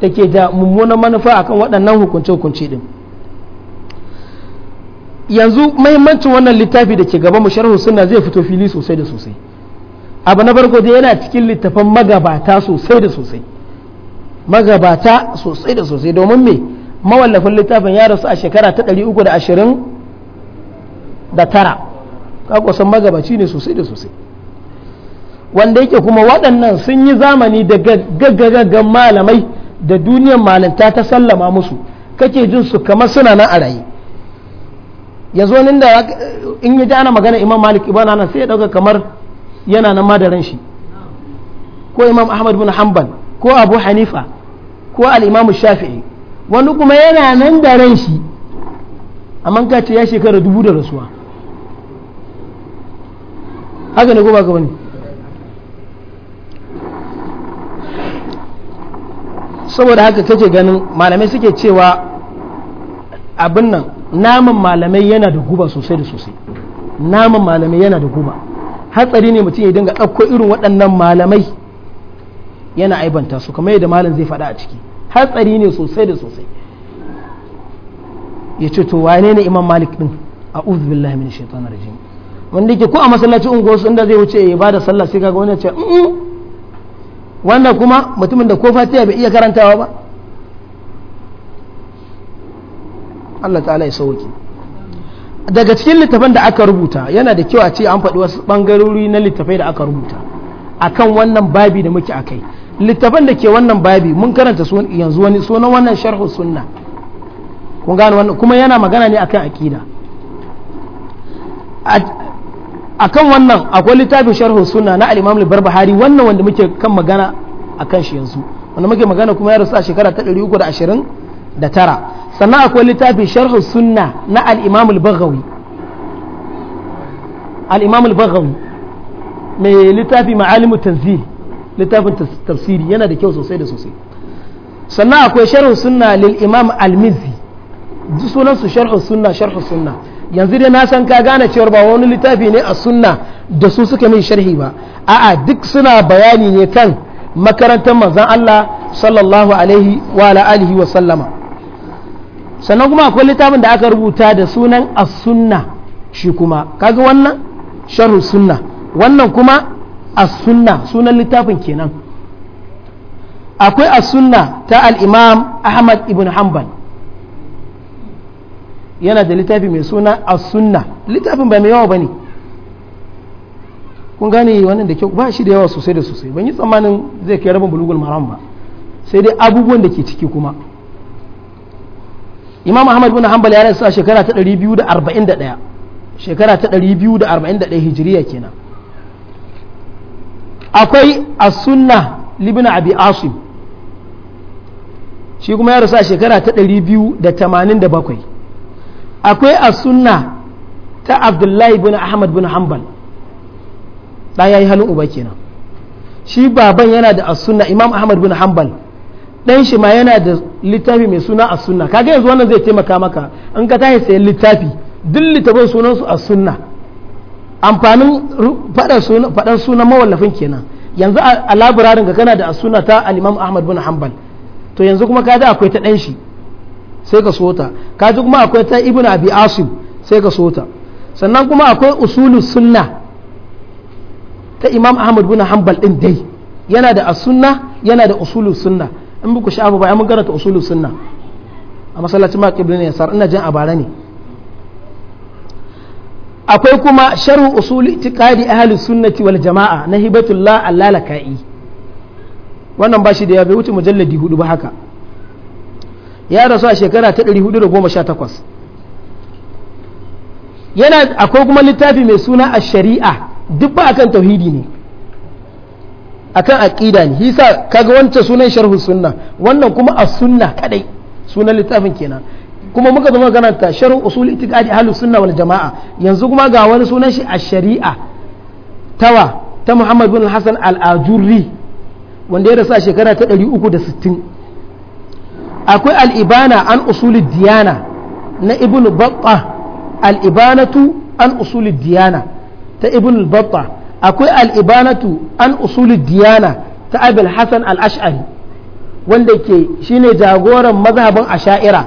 da ke da mummunan manufa akan waɗannan hukunce-hukunce din yanzu mahimmancin wannan littafi da ke gaba mu sharhu suna zai fito fili sosai da sosai abu na farko dai yana cikin littafan magabata sosai da sosai magabata sosai da sosai domin me mawallafin littafin ya rasu a shekara ta 329 kakusan magabaci ne sosai da sosai wanda yake kuma waɗannan sun yi zamani da gaggagaggan malamai da duniyar malinta ta sallama musu kake jin su kamar suna nan a raye yanzu wani da in ya ji magana imam malik ibn anas sai ya dauka kamar yana nan ma da ran shi ko imam ahmad bin hanbal ko abu hanifa ko al-imam shafi'i wani kuma yana nan da ran shi amma ka ce ya shekara dubu da rasuwa haka ne ko ba ka bane saboda haka kake ganin malamai suke cewa abin nan naman malamai yana da guba sosai da sosai naman malamai yana da guba hatsari ne mutum ya dinga ɗauko irin waɗannan malamai yana aibanta su kamar yadda malam zai faɗa a ciki hatsari ne sosai da sosai ya ce to wane ne imam malik din a uzu billahi min shaitan rajim wanda yake ko a masallacin unguwarsu inda zai wuce ya bada sallah sai kaga wani ya ce wannan kuma mutumin da ko fatiha bai iya karantawa ba Allah ta'ala ya sauki daga cikin littafan da aka rubuta yana da kyau a ce an faɗi wasu ɓangarori na littafai da aka rubuta akan wannan babi da muke a kai. littafan da ke wannan babi mun karanta yanzu wani sunan wannan sharhu sunna kun gane wannan kuma yana magana ne akan akida akan wannan akwai littafin sharhu suna na al-imam al wannan wanda muke kan magana akan shi yanzu wanda muke magana kuma ya rasu a shekara ta 329 sannan akwai littafin sharhu suna na al-imam al-baghawi al-imam al-baghawi mai littafi ma'alimu tanzil littafin tafsiri yana da kyau sosai da sosai sannan akwai sharhu suna lil imam al-mizzi sunansu sharhu suna sharhu suna. yanzu dai na san ka gane cewar ba wani littafi ne a sunna da su suka min sharhi ba a'a duk suna bayani ne kan makarantar manzon Allah sallallahu alaihi wa alihi wa sallama sannan kuma akwai littafin da aka rubuta da sunan as-sunna shi kuma kaga wannan sharhu sunna wannan kuma as-sunna sunan littafin kenan akwai as-sunna ta al-imam Ahmad ibn Hanbal yana da littafi mai suna a sunna littafin ba mai yawa ba ne kun gane wannan da kyau ba shi da yawa sosai da sosai ban yi tsammanin zai kai rabin bulugul maram ba sai dai abubuwan da ke ciki kuma imam ahmad bin hanbal ya rasu a shekara ta 241 shekara ta 241 hijiriya kenan akwai a sunna libna abi asim shi kuma ya rasu a shekara ta 287 akwai a sunna ta abdullahi bin ahmad bin hanbal ɗan ya yi halin uba kenan shi baban yana da a sunna imam ahmad bin hanbal ɗan shi ma yana da littafi mai suna a sunna kaga yanzu wannan zai taimaka maka in ka tashi sayan littafi duk littafin sunansu a sunna amfanin faɗan sunan mawallafin kenan yanzu a labirarin ka kana da a sunna ta alimam ahmad bin hanbal to yanzu kuma kaga akwai ta ɗan shi sai ka sota kaji kuma akwai ta ibn abi asim sai ka sota sannan kuma akwai usulu sunna ta imam ahmad bin hanbal din dai yana da as-sunna yana da usulu sunna in buku shafa ba mun karanta usulu sunna a masallacin ma kibli ne sar ina jin a bara ne akwai kuma sharhu usul itiqadi ahli sunnati wal jama'a na hibatullah allalaka'i wannan bashi da ya bai wuce mujalladi hudu ba haka ya rasu a shekara ta 418 yana akwai kuma littafi mai suna a shari'a duk ba akan tauhidi ne akan aqida ne hisa kaga wancan sunan sharhu sunna wannan kuma a sunna kadai sunan littafin kenan kuma muka zama gananta sharhu usul itiqadi ahlus sunna wal jamaa yanzu kuma ga wani sunan shi a sharia tawa ta Muhammad bin Hassan al-Ajurri wanda ya rasu a shekara ta 360 akwai al'ibana an usulid diyana na ibn batta al'ibanatu an usulid diyana ta ibn batta akwai al'ibanatu an usulid diyana ta abul hasan al-ash'ari wanda ke shine jagoran mazhabin asha'ira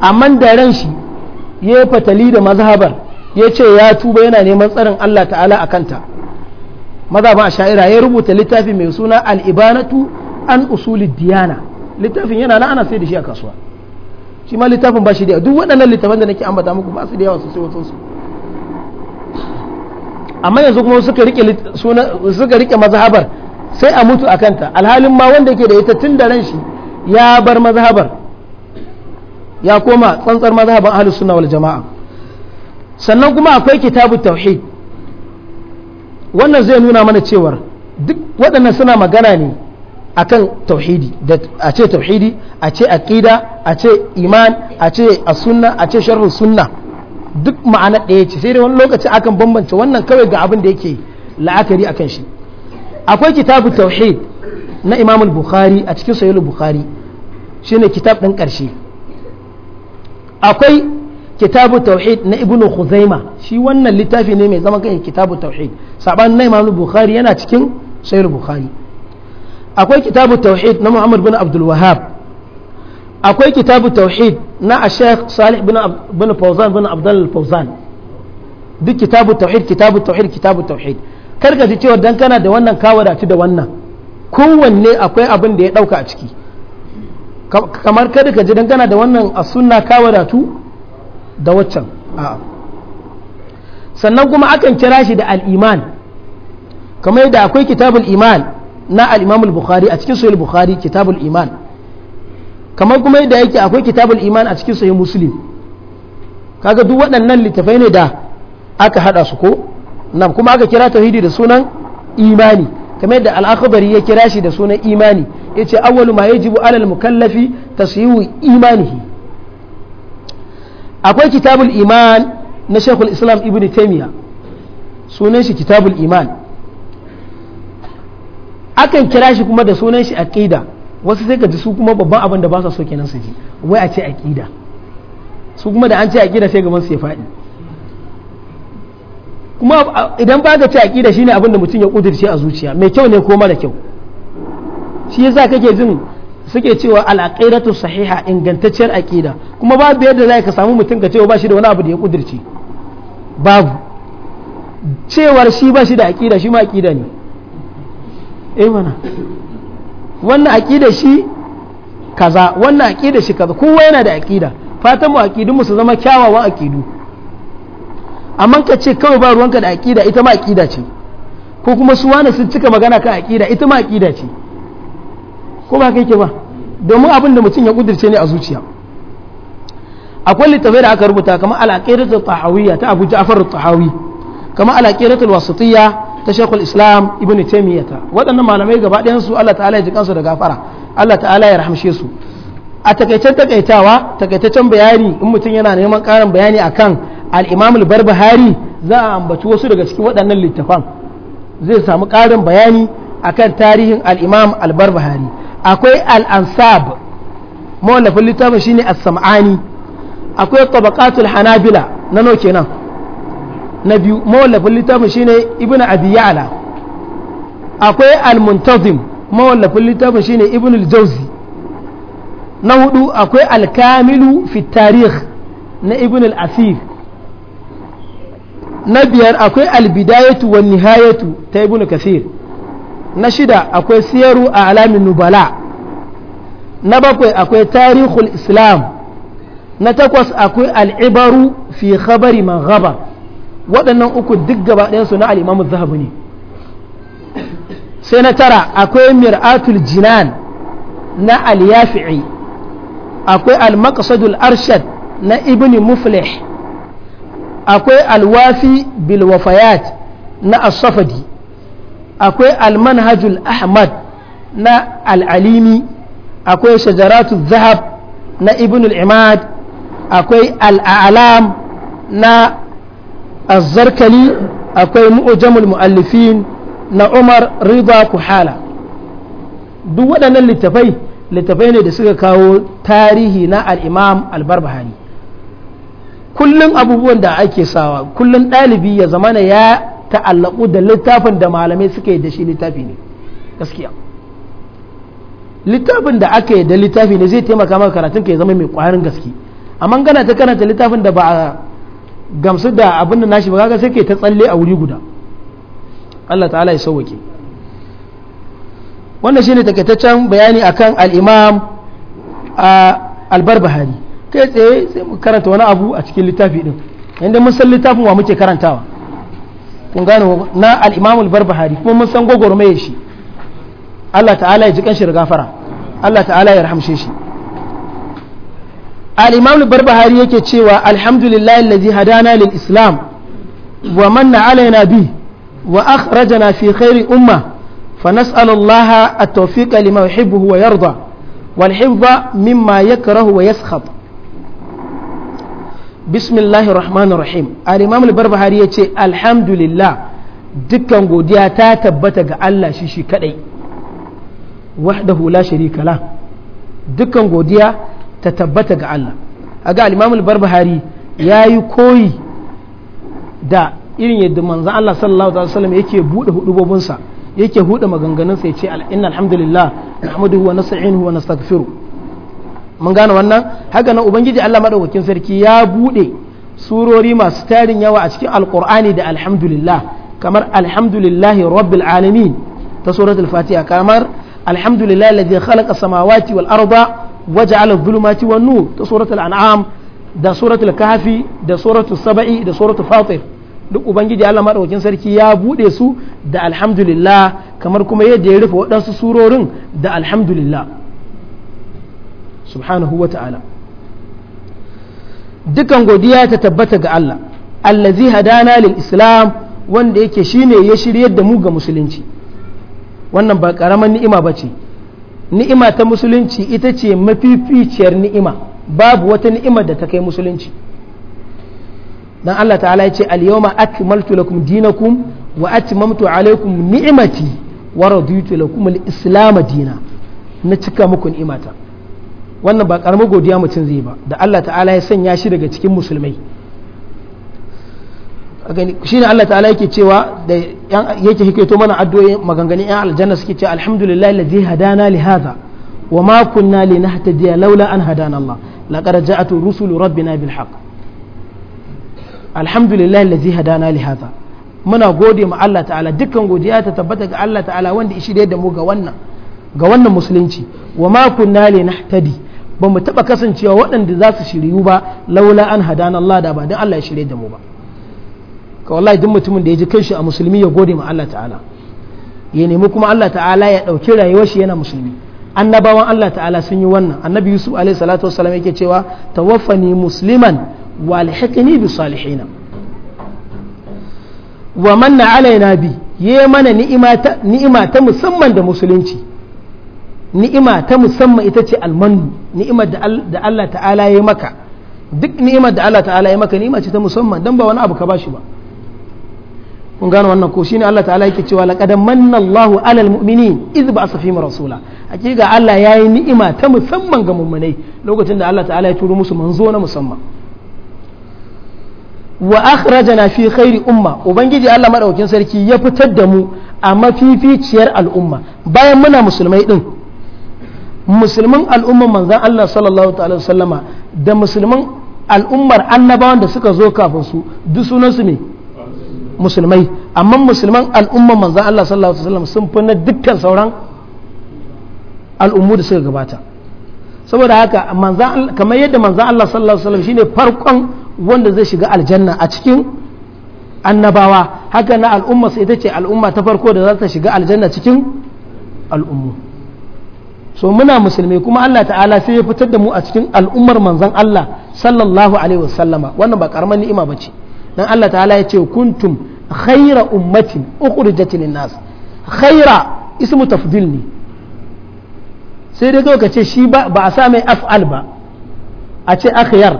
amma da ran shi ya yi fatali da mazhabar ya ce ya tuba yana neman tsarin Allah ta'ala a kanta mazhabin asha'ira ya rubuta littafi mai suna al'ibanatu an usulid diyana littafin yana na ana sai da shi a kasuwa shi ma littafin ba shi da duk waɗannan littafan da nake ambata muku ba su da yawa su wasu amma yanzu kuma suka rike suna suka mazhabar sai a mutu akanta alhalin ma wanda yake da ita tun da ran shi ya bar mazhabar ya koma tsantsar mazhaban ahlus sunna wal jamaa sannan kuma akwai kitabu tauhid wannan zai nuna mana cewar duk waɗannan suna magana ne akan tauhidi da a ce tauhidi a ce aqida a ce iman a ce sunna a ce sunna duk ma'ana ɗaya ce sai dai wani lokaci akan bambance wannan kawai ga abin da yake la'akari akan shi akwai kitabu tauhid na imam bukhari a cikin sahih bukhari shine kitab ɗin karshe akwai kitabu tauhid na ibnu khuzaima shi wannan littafi ne mai zama kai kitabu tauhid saban na imam bukhari yana cikin sahih bukhari akwai kitabu tauhid na muhammad bin abdul wahab akwai kitabu tauhid na ashek salih bin fauzan bin abdul fauzan duk kitabu tauhid kitabu tauhid kitabu tauhid karka ji cewa dan kana da wannan kawo da da wannan kowanne akwai abin da ya dauka a ciki kamar kada ka ji dan kana da wannan a sunna ka tu da waccan sannan kuma akan kira shi da al'iman kamar yadda akwai kitabul iman na al-imam bukhari a cikin sahih bukhari kitabul iman kamar kuma yadda yake akwai kitabul iman a cikin sahih muslim kaga duk waɗannan littafai ne da aka haɗa su ko nan kuma aka kira tauhidi da sunan imani kamar yadda al-akhbari ya kira shi da sunan imani yace awwalu ma yajibu alal mukallafi tasyihu imanihi akwai kitabul iman na shekul islam ibn taimiyya sunan shi kitabul iman akan kira shi kuma da sunan shi aqida wasu sai ka ji su kuma babban abin da ba sa so kenan su ji wai a ce aqida su kuma da an ce aqida sai gaban su ya faɗi kuma idan ba ka ce aqida shine abin da mutum ya kudirce a zuciya mai kyau ne ko mara kyau shi yasa kake jin suke cewa al-aqidatu sahiha ingantacciyar aqida kuma babu yadda zai ka samu mutum ka cewa ba shi da wani abu da ya kudirce babu cewar shi ba shi da aqida shi ma aqida ne Eh, mana wannan aƙida shi kaza wannan aƙida shi kaza kowa yana da aƙida fatan mu aƙidun mu su zama kyawawan aƙidu amma ka ce kawai ba ruwanka da aƙida ita ma aƙida ce ko kuma su wani sun cika magana kan aƙida ita ma aƙida ce ko ba kai ke ba domin abin da mutum ya kudirce ne a zuciya akwai littafai da aka rubuta kamar al-aqidatu tahawiyya ta Abu Ja'far al-Tahawi kamar al-aqidatu al-wasitiyya ta shekul islam ibn taimiyata waɗannan malamai gaba su allah ta'ala ya ji kansu da gafara allah ta'ala ya rahamshe su a takaicen takaitawa takaitaccen bayani in mutum yana neman ƙarin bayani akan al-imam al-barbahari za a ambaci wasu daga cikin waɗannan littafan zai samu ƙarin bayani akan tarihin al-imam al-barbahari akwai al-ansab mawallafin littafin shine as-sam'ani akwai tabaqatul hanabila na nawa kenan na biyu mawallafin littafin shine ibn abi akwai al-muntazim mawallafin littafin shine ibn al-jawzi na hudu akwai al-kamilu fi tarikh na ibn al na biyar akwai al-bidayatu wan nihayatu ta ibnu kathir na shida akwai siyaru a alamin nubala na bakwai akwai tarihul islam na takwas akwai al'ibaru fi khabari man ghabar waɗannan uku duk gaba ɗayansu na al'imamu zahabu ne sai na tara akwai mir'atul jinan na al akwai al-maqsadul arshad na ibn muflih akwai alwafi bil wafayat na as-safadi akwai al-manhajul ahmad na al-alimi akwai shajaratul zahab na ibn al-imad akwai al-a'lam na azzarkali akwai mu'jamul mu'allifin na umar rida kuhala duk waɗannan littafai littafai ne da suka kawo tarihi na al'imam albarbahari kullum abubuwan da ake sawa kullum ɗalibi ya zamana ya ta'allaku da littafin da malamai suka yi da shi littafi ne gaskiya littafin da aka yi da littafi ne zai taimaka maka karatun ka ya zama mai ƙwarin gaske amma gana ta karanta littafin da ba gamsu da abin da nashi ba kaga sai ke ta tsalle a wuri guda Allah ta'ala ya sauwake wannan shine takaitaccen bayani akan al-imam al-barbahari kai tsaye sai mu karanta wani abu a cikin littafi din inda mun san littafin wa muke karantawa kun gano na al-imam al-barbahari kuma mun san mai shi Allah ta'ala ya ji kanshi da gafara Allah ta'ala ya rahamshe shi al-imam al-barbahari yake cewa alhamdulillah allazi hadana lil islam wa manna alaina bi wa akhrajana fi umma فنسأل الله التوفيق لما يحبه ويرضى والحفظ مما يكره ويسخط بسم الله الرحمن الرحيم الإمام البربهاري يقول الحمد لله dukkan godiya ta tabbata ga Allah shi shi kadai wahdahu la sharika dukkan godiya ta tabbata ga Allah a al-Imam al ya yayi koyi da irin yadda manzon Allah sallallahu alaihi wasallam yake bude hudubobinsa yake huda maganganunsa yace inna alhamdulillah nahmaduhu wa nasta'inuhu wa nastaghfiruh mun gane wannan haka nan ubangiji Allah madaukakin sarki ya buɗe surori masu tarin yawa a cikin alqur'ani da alhamdulillah kamar alhamdulillahi rabbil alamin ta suratul fatiha kamar alhamdulillah alladhi khalaqa samawati wal arda وجعل الظلمات والنور nur ta suratul an'am da suratul kahfi da suratul saba'i da suratul fatir duk ubangiji Allah madaukakin sarki ya bude su da alhamdulillah kamar kuma yadda ya rufe waɗansu surorin da alhamdulillah subhanahu wa ta'ala dukan godiya ta tabbata ga Allah allazi hadana lil islam wanda yake shine ya shiryar da mu ga musulunci wannan ba karaman ni'ima bace ni'ima ta musulunci ita ce mafificiyar ni'ima babu wata ni'ima da ta kai musulunci dan Allah ta'ala ya ce al-yawma akmaltu lakum dinakum wa atmamtu alaykum ni'imati wa raditu lakum al-islam dina na cika muku ni'imata wannan ba karamar godiya mutum zai ba da Allah ta'ala ya sanya shi daga cikin musulmai ne Allah ta'ala yake cewa da yake hikaito mana addu'o'i maganganun yan aljanna suke cewa alhamdulillahi ladzi hadana li hadha wa ma kunna linahtadiya laula an hadana Allah laqad ja'at rusul rabbina bil haqq alhamdulillahi ladzi hadana li hadha muna gode ma Allah ta'ala dukkan godiya ta tabbata ga Allah ta'ala wanda ishi da mu ga wannan ga wannan musulunci wa ma kunna linahtadi ba mu taba kasancewa waɗanda za su shiryu ba laula an hadana Allah da ba dan Allah ya shirye da mu ba ka wallahi duk mutumin da ya ji kanshi a musulmi ya gode ma Allah ta'ala ya nemi kuma Allah ta'ala ya dauki rayuwar shi yana musulmi annabawan Allah ta'ala sun yi wannan annabi yusuf alaihi salatu wassalam yake cewa tawaffani musliman wa alhiqni bi salihin wa manna alaina bi ye mana ni'ima ta musamman da musulunci ni'ima ta musamman ita ce almanu ni'imar da Allah ta'ala ya maka duk ni'imar da Allah ta'ala ya maka ni'ima ce ta musamman dan ba wani abu ka bashi ba kun gano wannan ko shine Allah ta'ala yake cewa laqad manna Allahu 'alal mu'minin idh ba'atha fihim rasula hakika Allah yayi ni'ima ta musamman ga mu'minai lokacin da Allah ta'ala ya turo musu manzo na musamman wa akhrajana fi khairi umma ubangiji Allah madaukin sarki ya fitar da mu a mafificiyar al'umma bayan muna musulmai din musulman al'umman manzan Allah sallallahu ta'ala sallama da musulman al'ummar annabawan da suka zo kafin su duk sunansu ne musulmai amma musulman al'umman manzan Allah sallallahu alaihi wasallam sun fi na dukkan sauran al'ummu da suka gabata saboda haka manzan kamar yadda manzan Allah sallallahu alaihi wasallam shine farkon wanda zai shiga aljanna a cikin annabawa haka na al'umma sai ita ce al'umma ta farko da za ta shiga aljanna cikin al'ummu so muna musulmai kuma Allah ta'ala sai ya fitar da mu a cikin al'ummar manzan Allah sallallahu alaihi wasallama wannan ba karamar ni'ima bace dan Allah ta'ala ya ce kuntum khaira ummatin ukhrijat lin-nas khaira ismu tafdil ne sai dai ka ce shi ba a sa mai af'al ba a ce akhyar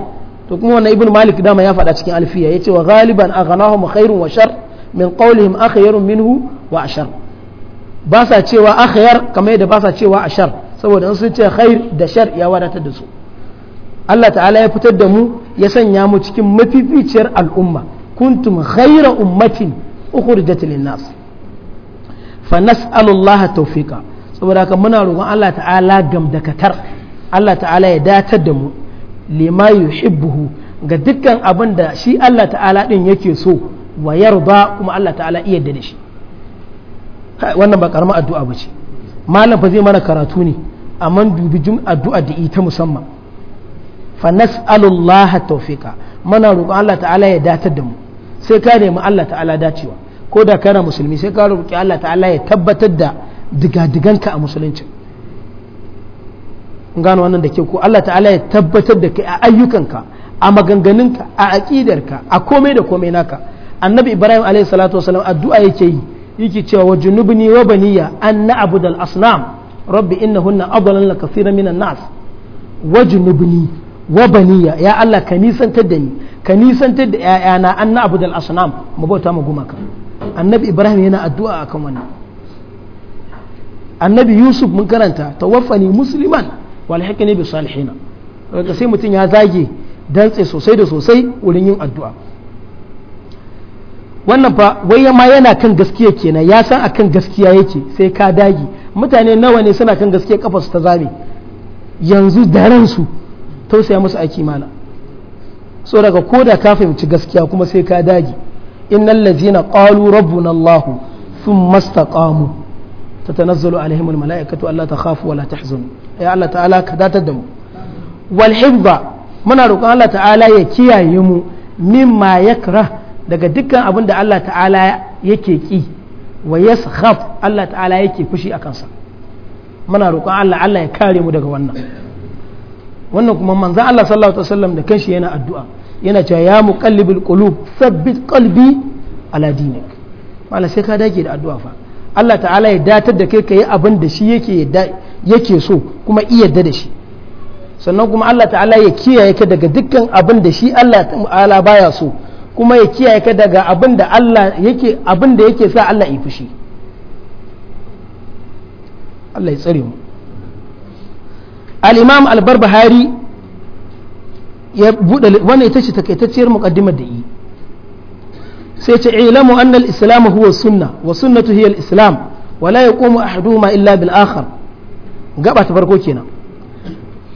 to kuma wannan ibn malik dama ya faɗa cikin alfiya yace wa ghaliban aghnahum khairun wa shar min qawlihim akhyarun minhu wa ashar ba sa cewa akhyar kamar yadda ba sa cewa ashar saboda in sun ce khair da shar ya wadatar da su Allah ta'ala ya fitar da mu ya sanya mu cikin mafificiyar al'umma kuntum khaira ummatin ukhrijat lin-nas fa Allah tawfiqa saboda haka muna roƙon Allah ta'ala gamdakatar Allah ta'ala ya datar da mu lima yuhibbuhu ga dukkan abin da shi Allah ta'ala din yake so wa yarda kuma Allah ta'ala iya da shi wannan ba karamar addu'a ba ce malam fa zai mana karatu ne amma dubi addu'a da ita musamman fa nas'alullaha tawfika muna roƙon Allah ta'ala ya datar da mu sai ka nemi Allah ta'ala dacewa ko da kana musulmi sai ka roƙi Allah ya tabbatar da digadiganka a musulunci gano wannan da ke ko Allah ta'ala ya tabbatar da kai a ayyukanka a maganganunka a aƙidarka a komai da komai naka annabi ibrahim alayhi salatu wasalam addu'a yake yi yake cewa wa junubni wa baniya an na'budu al asnam rabbi innahunna adlalna kaseeran nas wa wa baniya ya Allah ka nisantar da ni ka nisantar da ƴaƴana an na abu asnam mu bauta mu gumaka annabi ibrahim yana addu'a akan wannan annabi yusuf mun karanta tawaffani musliman wal hikni bi salihin daga sai mutum ya zage dantse sosai da sosai wurin yin addu'a wannan fa wai ma yana kan gaskiya kenan ya san akan gaskiya yake sai ka dage mutane nawa ne suna kan gaskiya kafarsu ta zame yanzu da su tausaya musu aiki mana so daga ko da ka fahimci gaskiya kuma sai ka dage innal ladzina qalu rabbuna allah thumma istaqamu tatanazzalu alaihim al malaikatu alla takhafu wa la tahzanu ya allah ta'ala ka datar da mu wal hibba muna roƙon allah ta'ala ya kiyaye mu mimma yakrah daga dukkan abin da allah ta'ala yake ki wa yaskhaf allah ta'ala yake fushi akan sa muna roƙon allah allah ya kare mu daga wannan wannan kuma manzan Allah sallallahu alaihi wasallam da kanshi yana addu'a yana cewa ya muqallibul qulub thabbit qalbi ala dinik mala sai ka dage da addu'a fa Allah ta'ala ya datar da kai kai abin da shi yake yake so kuma iya da shi sannan kuma Allah ta'ala ya kiyaye ka daga dukkan abin da shi Allah ta'ala baya so kuma ya kiyaye ka daga abin da Allah yake abin da yake sa Allah ya fushi Allah ya tsare mu al'imam imam al ya bude wani ita ce takaitacciyar muqaddimar da yi sai ce ilamu anna islam huwa sunna wa sunnatu hiya islam wa la yaqumu illa bil akhar gaba ta farko kenan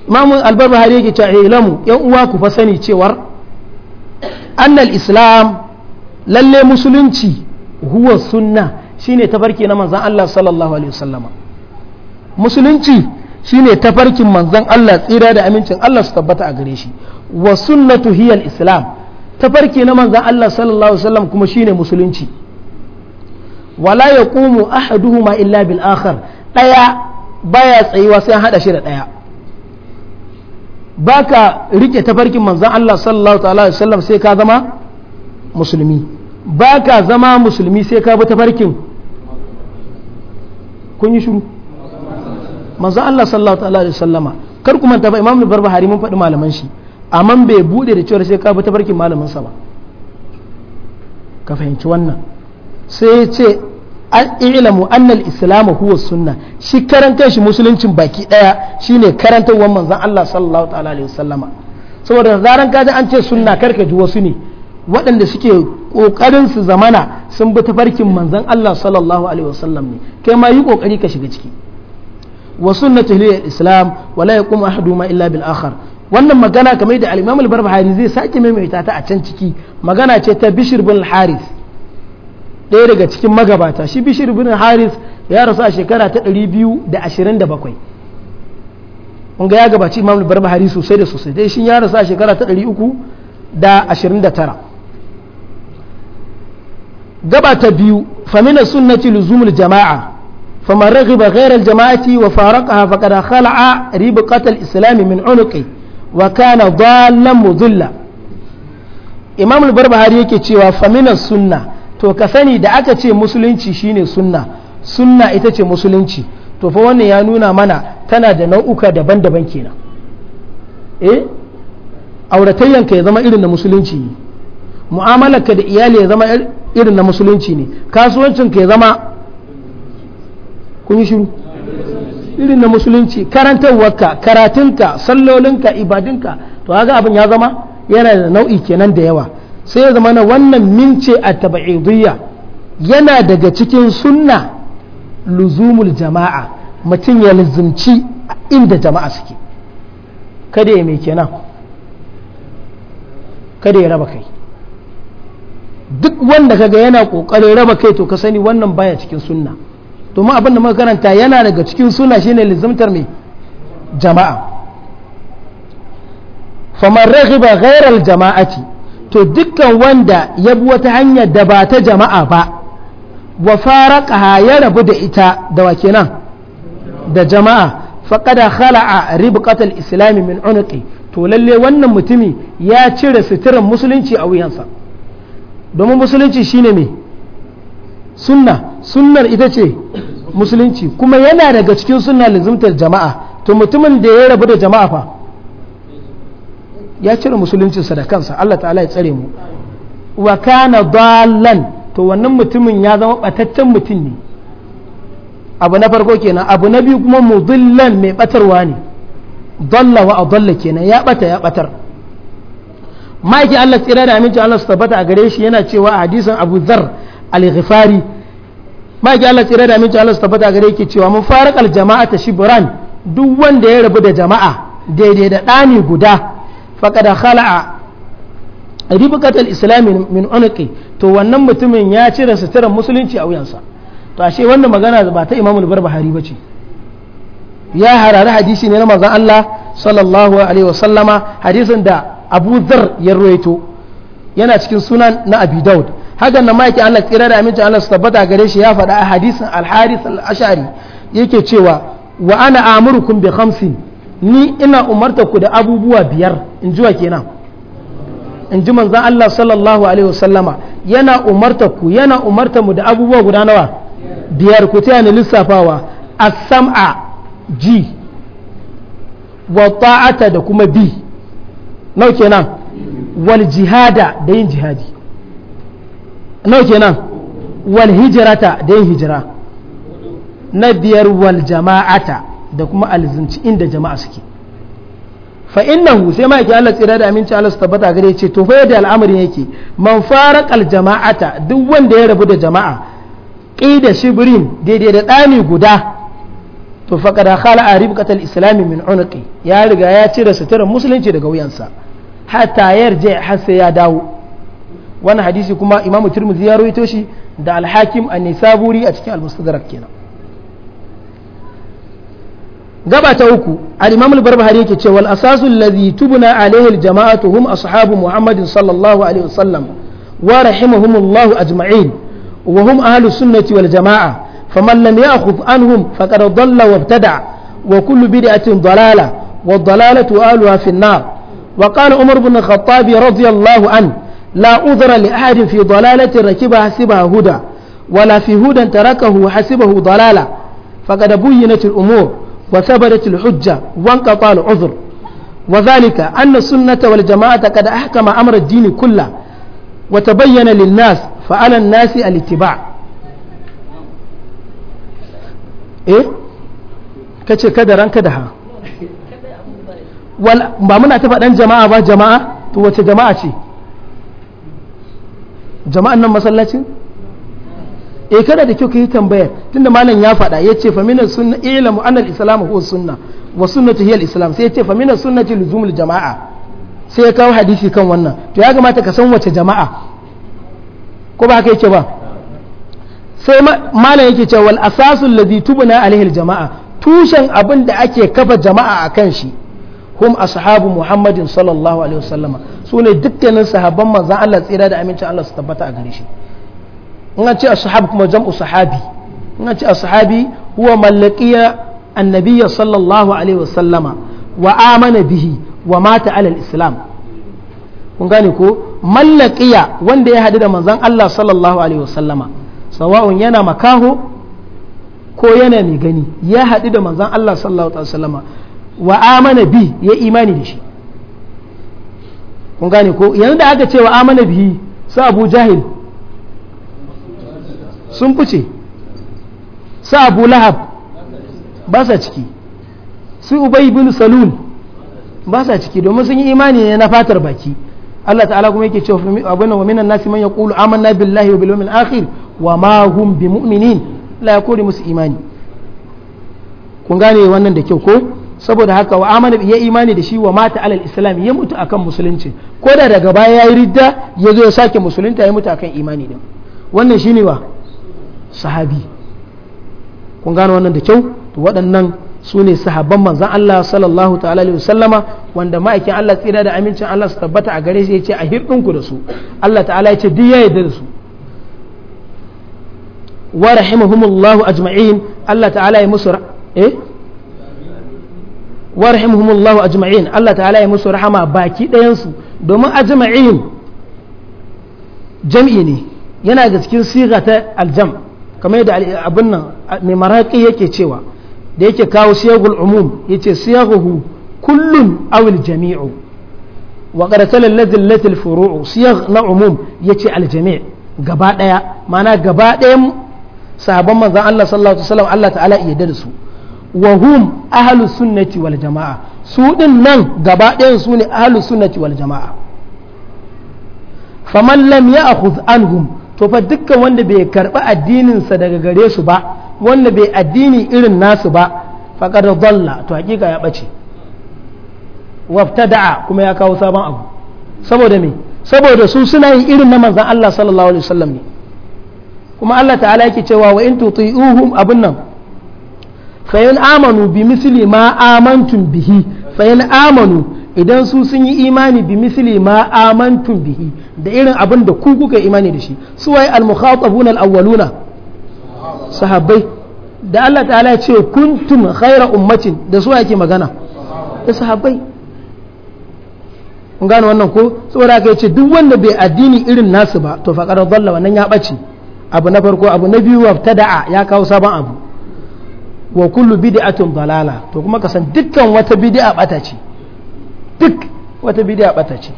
imam al yake cewa ilamu yan uwa ku fa sani cewar anna al-islam lalle musulunci huwa sunna shine tafarki na manzon Allah sallallahu alaihi wasallama musulunci shine tafarkin manzon Allah tsira da amincin Allah su tabbata a gare shi wa sunnatu hiya islam tafarki na manzon Allah sallallahu alaihi wasallam kuma shine musulunci wala yaqumu ahaduhuma illa bil akhar daya baya tsayuwa sai hada shi da daya baka rike tafarkin manzon Allah sallallahu alaihi wasallam sai ka zama musulmi baka zama musulmi sai ka bi tafarkin kun yi shiru manzo Allah sallallahu alaihi wasallama kar ku manta ba Imam Barbahari mun faɗi malaman shi amma bai bude da cewa sai ka bi tabarkin malamin sa ba ka fahimci wannan sai ya ce ilamu anna al-islamu huwa sunna shi karantar shi musuluncin baki daya shine karantarwar manzon Allah sallallahu alaihi wasallama saboda zaran kaji an ce sunna karka ji wasu ne waɗanda suke ƙoƙarin su zamana sun bi tafarkin manzon Allah sallallahu alaihi wasallam ne kai ma yi ƙoƙari ka shiga ciki wa sunnatu hilal islam wala yaqum ahaduhuma illa bil akhar wannan magana kamar da al-imam al-barbahari zai sake maimaita ta a can ciki magana ce ta bishir bin haris ɗaya daga cikin magabata shi bishir bin haris ya rasu a shekara ta 227 kun ga ya gabaci imam al-barbahari sosai da sosai dai shi ya rasu a shekara ta 329 gaba gabata biyu famina sunnati luzumul jama'a فمن رغب غير الجماعة وفارقها فقد خلع ربقة الإسلام من عنقه وكان ضالا مذلا إمام البربهاري yake cewa famina sunna to ka sani da aka ce musulunci shine sunna sunna ita ce musulunci to fa wannan ya nuna mana tana da nau'uka daban-daban kenan eh auratayyanka ya zama irin na musulunci ne mu'amalarka da iyali ya zama irin na musulunci ne kasuwancinka ya zama kun yi shiru irin na musulunci karantarwarka karatunka sallolinka ibadinka to haka abin ya zama yana da nau'i kenan da yawa sai ya zama na wannan mince a taba'iduyya yana daga cikin sunna luzumul jama'a mutum ya luzumci inda jama'a suke kada ya mai kenan kada ya raba kai duk wanda kaga yana kokarin raba kai to ka sani wannan baya cikin sunna domin abin da muka karanta yana daga cikin suna shine lizimtar mai jama'a ba gairar jama'a ce to dukkan wanda ya bi wata hanya da ba ta jama'a ba wa ƙaha ya rabu da ita da wa nan da jama'a faƙada khala'a ribqatal islami min unuqi to lalle wannan mutumi ya cire suturan musulunci a wuyansa domin musulunci shine mai sunna sunnar ita ce musulunci kuma yana daga cikin sunna lazimtar jama'a to mutumin da ya rabu da jama'a fa ya cire musuluncinsa da kansa Allah ta'ala ya tsare mu wa kana dallan to wannan mutumin ya zama bataccen mutum ne abu na farko kenan abu na biyu kuma mudillan mai batarwa ne dalla wa adalla kenan ya bata ya batar ma'aikin Allah tsira da aminci Allah su tabbata a gare shi yana cewa a hadisin Abu Dharr al-Ghifari ba ki Allah tsira da aminci Allah su tabbata gare yake cewa mun aljama'a ta shibran duk wanda ya rabu da jama'a daidai da ɗani guda faqad khala'a ribqatal islami min unqi to wannan mutumin ya cire suturar musulunci a wuyansa to ashe wannan magana ba ta imamu al-Barbahari bace ya harara hadisi ne na manzon Allah sallallahu alaihi wasallama hadisin da Abu Dharr ya ruwaito yana cikin sunan na Abi dawud. hakan na maki Allah tsira da aminci Allah su tabbata gare shi ya faɗa a hadisin al-haris al-ash'ari yake cewa wa ana amurkum bi khamsin ni ina umarta ku da abubuwa biyar in ji wa kenan in ji manzon Allah sallallahu alaihi wasallama yana umarta ku yana umarta mu da abubuwa guda nawa biyar ku ta ni lissafawa as-sam'a ji wa ta'ata da kuma bi nau kenan wal jihada da yin jihadi nawa kenan wal hijirata da yin hijira na biyar wal jama'ata da kuma alzinci inda jama'a suke fa innahu sai ma yake Allah tsira da aminci Allah su tabbata gare ce to fa yadda alamari yake man faraqal jama'ata duk wanda ya rabu da jama'a qida shibrin daidai da dami guda to fa kada khala aribqatal islami min unqi ya riga ya cire suturar musulunci daga wuyansa hatta yarje har sai ya dawo wannan hadisi kuma imamu turmuzi ya rawaito shi da alhakim a nisaburi a cikin almustadrak kenan gaba ta uku al-imam al-barbahari yake cewa al-asasu alladhi tubna alayhi al-jama'atu hum ashabu muhammadin sallallahu alaihi wasallam wa rahimahumullahu ajma'in wa hum ahlus sunnati wal jama'a faman lam ya'khudh anhum faqad dhalla wa wa kullu bid'atin dalalah والضلالة أهلها في النار وقال عمر بن الخطاب رضي الله عنه لا أذر لأحد في ضلالة ركب حسبها هدى ولا في هدى تركه حسبه ضلالة فقد بينت الأمور وثبتت الحجة وانقطع العذر وذلك أن السنة والجماعة قد أحكم أمر الدين كله وتبين للناس فعلى الناس الاتباع إيه كتش كدران كدها ولا ما منا تفقدان جماعة با جماعة تو جماعة شي jama'an nan masallacin e kada da kyau kai tambayar tunda malam ya faɗa yace fa minas sunna ilamu anna al-islam huwa sunna wa sunnatu hiya al-islam sai yace fa minas sunnati luzumul jama'a sai ya kawo hadisi kan wannan to ya kamata ka san wace jama'a ko ba ka yace ba sai malam yake cewa wal asasul ladhi tubna alaihi al-jama'a tushen abin da ake kafa jama'a akan shi hum ashabu muhammadin sallallahu alaihi wasallam su ne dukkanin sahabban manzan Allah tsira da amincin Allah su tabbata a gare shi in an ce ashab kuma jam'u sahabi in an ce ashabi huwa mallaqiya annabiyya sallallahu alaihi wasallama wa amana bihi wa mata islam kun gane ko mallakiya wanda ya hadu da manzan Allah sallallahu alaihi wasallama sawa'un yana makaho ko yana mai gani ya haɗu da manzan Allah sallallahu alaihi wasallama wa amana bi ya imani da shi kun gane ko yanzu aka ce wa amana bi su abu jahil sun fice su abu lahab ba sa ciki su ubay bin salul ba sa ciki domin sun yi imani ne na fatar baki Allah ta'ala kuma yake cewa abin wa minan nasi man yaqulu amanna billahi wa bil yawmil akhir wa ma hum mu'minin la yakuri musu imani kun gane wannan da kyau ko saboda haka wa amana ya imani da shi wa mata alal islam ya mutu akan musulunci ko da daga baya ya yi ridda ya zo ya sake musulunta ya mutu akan imani din wannan shine wa sahabi kun gano wannan da kyau to waɗannan su ne sahabban manzan Allah sallallahu ta'ala alaihi wasallama wanda ma'aikin Allah tsira da amincin Allah su tabbata a gare shi ya ce a hirɗinku da su Allah ta'ala ya ce duk ya yarda da su wa rahimahumullahu ajma'in Allah ta'ala ya musu eh warhamhumullahu ajma'in Allah ta'ala ya musu rahama baki ɗayansu domin ajma'in jam'i ne yana da cikin siga ta aljam kamar yadda abin nan mai maraƙi yake cewa da yake kawo siyagul umum yace siyaguhu kullun awil jami'u wa qad talallatil furu'u siyag na umum yace al jami' gaba daya ma'ana gaba dayan sabon manzon Allah sallallahu alaihi wasallam Allah ta'ala ya yarda da su wa hum ahlus sunnati wal jama'a su din nan gaba ɗayan su ne ahlus sunnati wal jama'a faman lam ya'khudh anhum to fa dukkan wanda bai karba addinin sa daga gare su ba wanda bai addini irin nasu ba fa faqad dalla to hakika ya bace wabtada'a kuma ya kawo sabon abu saboda me saboda su suna yin irin na manzon Allah sallallahu alaihi wasallam ne kuma Allah ta'ala yake cewa wa in tuti'uhum abun nan fa amanu bi misili ma amantun bihi fa amanu idan su sun yi imani bi misili ma amantun bihi da irin abin da ku kuka imani da shi su waye al mukhatabuna al awwaluna sahabbai da Allah ta'ala ya ce kuntum khaira ummatin da su yake magana da sahabbai kun gane wannan ko saboda haka yace duk wanda bai addini irin nasu ba to faqad dalla wannan ya bace abu na farko abu na biyu wa tada'a ya kawo sabon abu wa kullu bid'atin dalala to kuma ka san dukkan wata bid'a bata ce duk wata bid'a bata ce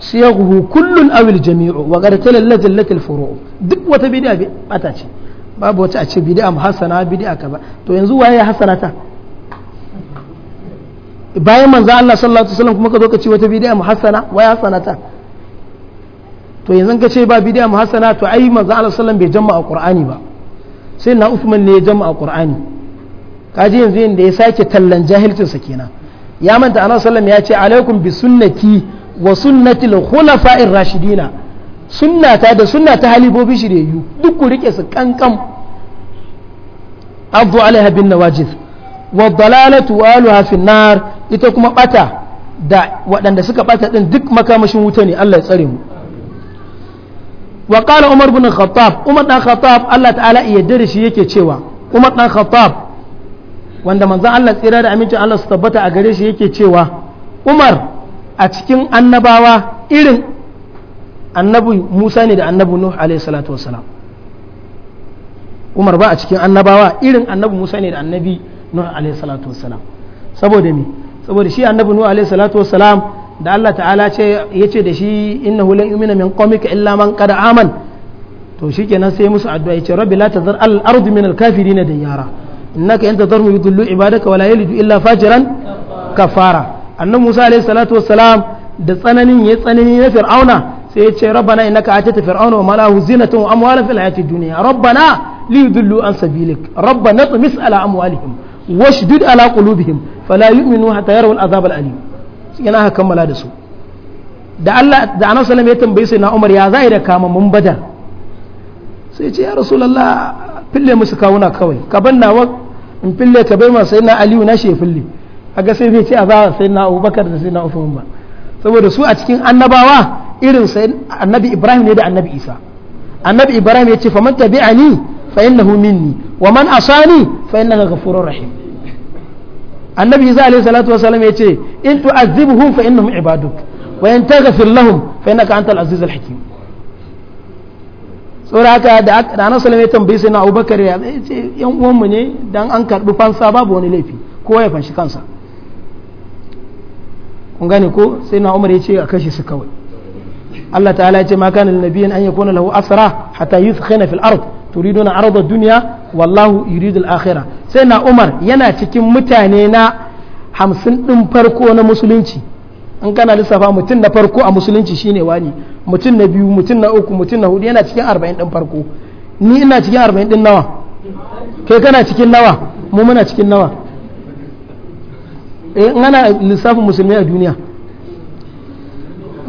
siyaguhu kullun awil jami'u wa qad talallatil latil furu' duk wata bid'a bata ce babu wata a ce bid'a muhassana bid'a kaza to yanzu waye ya hasana ta bayan manzo Allah sallallahu alaihi wasallam kuma ka zo ka ce wata bid'a muhassana waye hasana ta to yanzu ka ce ba bid'a muhassana to ai manzo Allah sallallahu alaihi wasallam bai jama'a qur'ani ba sai na Uthman ne ya jama'a Qur'ani kaji yanzu yanda ya sake tallan jahilcinsa kenan ya manta annabi sallam ya ce alaikum bi sunnati wa sunnatil khulafa'ir rashidina sunnata da sunnata halifofi shiryayyu duk ku rike su kankan abdu alaiha bin nawajid wa dalalatu aluha fin nar ita kuma bata da waɗanda suka bata din duk makamashin wuta ne Allah ya tsare mu wa qala umar bin khattab umar dan khattab Allah ta'ala iya da shi yake cewa umar dan khattab wanda manzon Allah tsira da amincin Allah su tabbata a gare shi yake cewa umar a cikin annabawa irin annabi Musa ne da annabi Nuh alaihi salatu wassalam umar ba a cikin annabawa irin annabi Musa ne da annabi Nuh alaihi salatu wassalam saboda me saboda shi annabi Nuh alaihi salatu wassalam da Allah ta'ala ce da shi innahu lan yu'mina min qawmika illa man qad aman to shikenan sai musu addu'a ce rabbi la tazar al ard min al kafirin diyara innaka in tazarhu yudillu ibadaka wa la yalidu illa fajiran kafara annabi Musa alayhi salatu wassalam da tsananin ya tsanani na fir'auna sai ya ce rabbana innaka atata fir'auna wa malahu zinatan wa amwalan fil hayati dunya rabbana li an sabilik rabbana tmis ala amwalihim washdud ala qulubihim fala yu'minu hatta yarawu al azab al alim yana haka kammala da su da Allah da Annabi ya tambaye sai na Umar ya zai da kama mun badar sai ce ya rasulullah fille musu kawuna kawai ka ban nawa in fille ka bai ma sai na Aliyu na she fille kaga sai bai ce a ba sai na Abubakar da sai na Uthman ba saboda su a cikin annabawa irin sai annabi Ibrahim ne da annabi Isa annabi Ibrahim ya ce faman tabi'ani fa innahu minni wa man asani fa innaka ghafurur rahim annabi isa alaihi salatu wasallam ya ce in tu'azzibuhum fa innahum ibaduk wa in taghfir lahum fa innaka antal aziz al hakim saboda haka da ana salama ya tambayi sai na abubakar ya ce yan uwanmu ne dan an karbi fansa babu wani laifi kowa ya fanshi kansa kun gane ko sai na umar ya ce a kashe su kawai Allah ta'ala ya ce ma kana lin nabiyyin an yakuna lahu asra hatta yuthkhina fil ard turiduna arda dunya wallahu yuridul akhirah sai na umar yana cikin mutane na hamsin din farko na musulunci in kana lissafa mutum na farko a musulunci shine wani mutum na biyu mutum na uku mutum na hudu yana cikin arba'in din farko ni ina cikin arba'in din nawa kai kana cikin nawa mu muna cikin nawa eh ana lissafin musulmi a duniya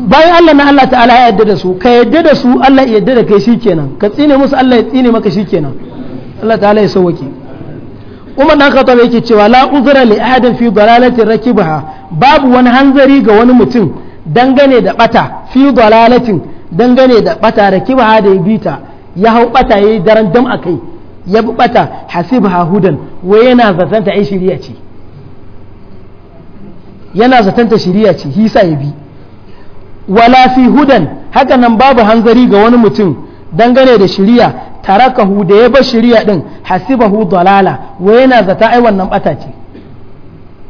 bayan Allah na Allah ta'ala ya yadda da su ka yadda da su Allah ya yadda da kai shikenan ka tsine musu Allah ya tsine maka shikenan Allah ta'ala ya sauwake Umar dan Khattab yake cewa la uzra li ahadin fi dalalati rakibaha babu wani hanzari ga wani mutum dangane da bata fi dalalatin dangane da bata rakibaha da ya bita ya hau bata yayi daren dam akai ya bi bata hasibha hudan wai yana zatanta ta shiriya ce yana zatanta shiriya ce hisa ya bi wala fi hudan haka nan babu hanzari ga wani mutum dangane da shiriya tarakahu da ya bar shiriya din hasibahu dalala wa yana zata ai wannan bata ce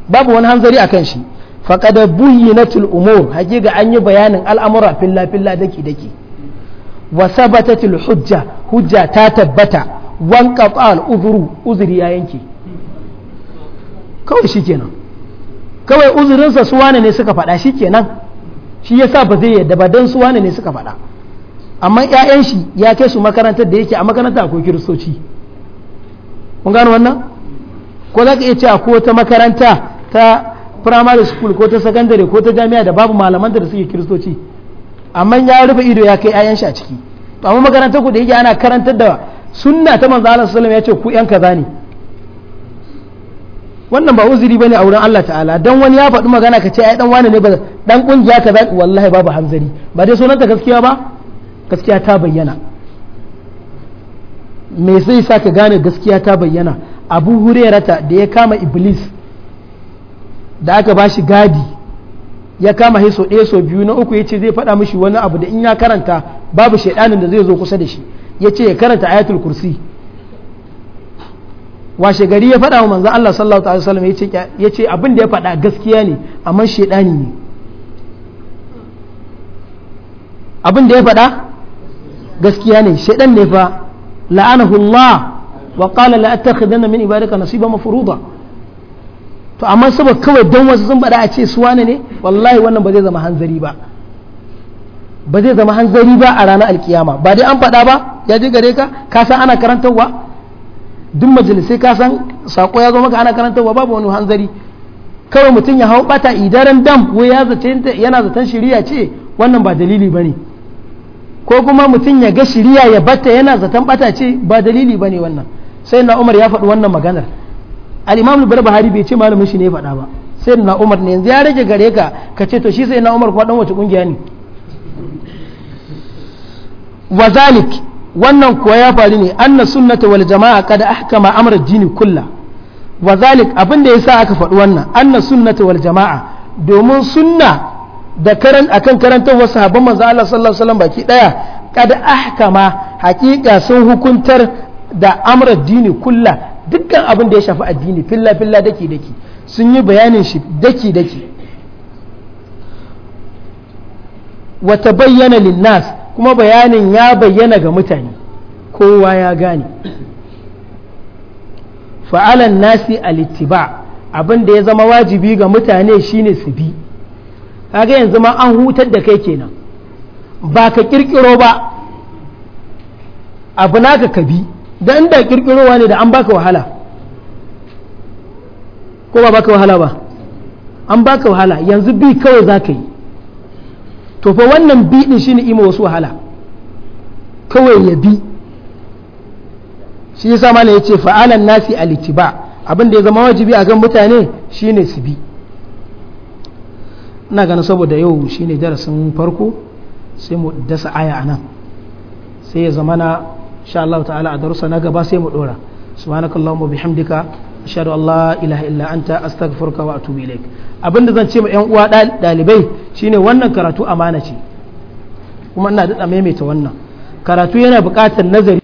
babu wani hanzari akan shi faqad buyyinatul umur hakika an yi bayanin al'amura filla filla daki daki wa sabatatul hujja hujja ta tabbata wan qata'al uzuru uzuri ya yanke kawai shikenan kawai uzurinsa su wane ne suka faɗa shikenan shi yasa ba zai yadda ba don su wane ne suka faɗa amma ƴaƴan shi ya kai su makarantar da yake a makarantar akwai kiristoci kun gano wannan ko za ka iya cewa ko ta makaranta ta primary school ko ta secondary ko ta jami'a da babu malaman da suke kiristoci amma ya rufe ido ya kai ƴaƴan a ciki to amma makarantar ku da yake ana karantar da sunna ta manzo Allah ya ce ku ƴan kaza ne wannan ba uzuri bane a wurin Allah ta'ala dan wani ya faɗi magana ka ce ai dan wani ne ba dan kungiya ka za wallahi babu hanzari ba dai sunanta gaskiya ba gaskiya ta bayyana me sai sa ka gane gaskiya ta bayyana abu hurairata da ya kama iblis da aka ba shi gadi ya kama hiso ɗaya so biyu na uku ya ce zai faɗa mishi wani abu da in ya karanta babu shaidanin da zai zo kusa da shi ya ce ya karanta ayatul kursi washe gari ya faɗa wa manzo Allah sallallahu alaihi wasallam ya ce abin da ya faɗa gaskiya ne amma shaidani ne abin da ya faɗa gaskiya ne shaidan ne fa la'anahu Allah wa qala la attakhidanna min ibadika nasiba mafruḍa to amma saboda kawai dan wasu sun faɗa a ce su wane ne wallahi wannan ba zai zama hanzari ba ba zai zama hanzari ba a ranar alkiyama ba dai an faɗa ba ya ji gare ka ka san ana karantarwa duk majalisai ka san sako ya zo maka ana ba babu wani hanzari kawai mutum ya hau bata idaran dam ko yana zaton shiriya ce wannan ba dalili ba ne ko kuma mutum ya ga shiriya ya bata yana zaton bata ce ba dalili ba ne wannan sai na umar ya faɗi wannan maganar al'imam lubar bahari bai ce malamin shi ne ya faɗa ba sai na umar ne yanzu ya rage gare ka ka ce to shi sai na umar dan wace ƙungiya ne wa zalik wannan kuwa ya faru ne anna sunnata wal jama'a kada ahkama amr dini kulla wa zalik abin da yasa aka faɗi wannan anna sunnata wal jama'a domin sunna da karan akan karantarwar sahabban manzo Allah sallallahu alaihi wasallam baki daya kada ahkama hakika sun hukuntar da amr dini kulla dukkan abin da ya shafi addini filla filla daki daki sun yi bayanin shi daki daki wata bayyana linnas kuma bayanin ya bayyana ga mutane kowa ya gane fa'alan nasi alittiba abin da ya zama wajibi ga mutane shine su bi kaga yanzu ma an hutar da kai kenan ba ka kirkiro ba abu naka ka bi don da kirkirowa ne da an baka wahala ko ba baka wahala ba an baka wahala yanzu bi kawai za ka yi to fa wannan bi din shine ima wasu wahala kawai ya bi shi yasa mala yace fa'alan nasi alitiba abin da ya zama wajibi kan mutane shine su bi ina ganin saboda yau shine darasin farko sai mu dasa aya a nan sai ya zama na insha Allah ta'ala a darussa na gaba sai mu dora subhanakallahumma bihamdika ashhadu an la ilaha illa anta astaghfiruka wa atubu ilaik abinda zan ce ma yan uwa dalibai shi ne wannan karatu amana ce kuma ina daɗa maimaita wannan karatu yana buƙatar nazari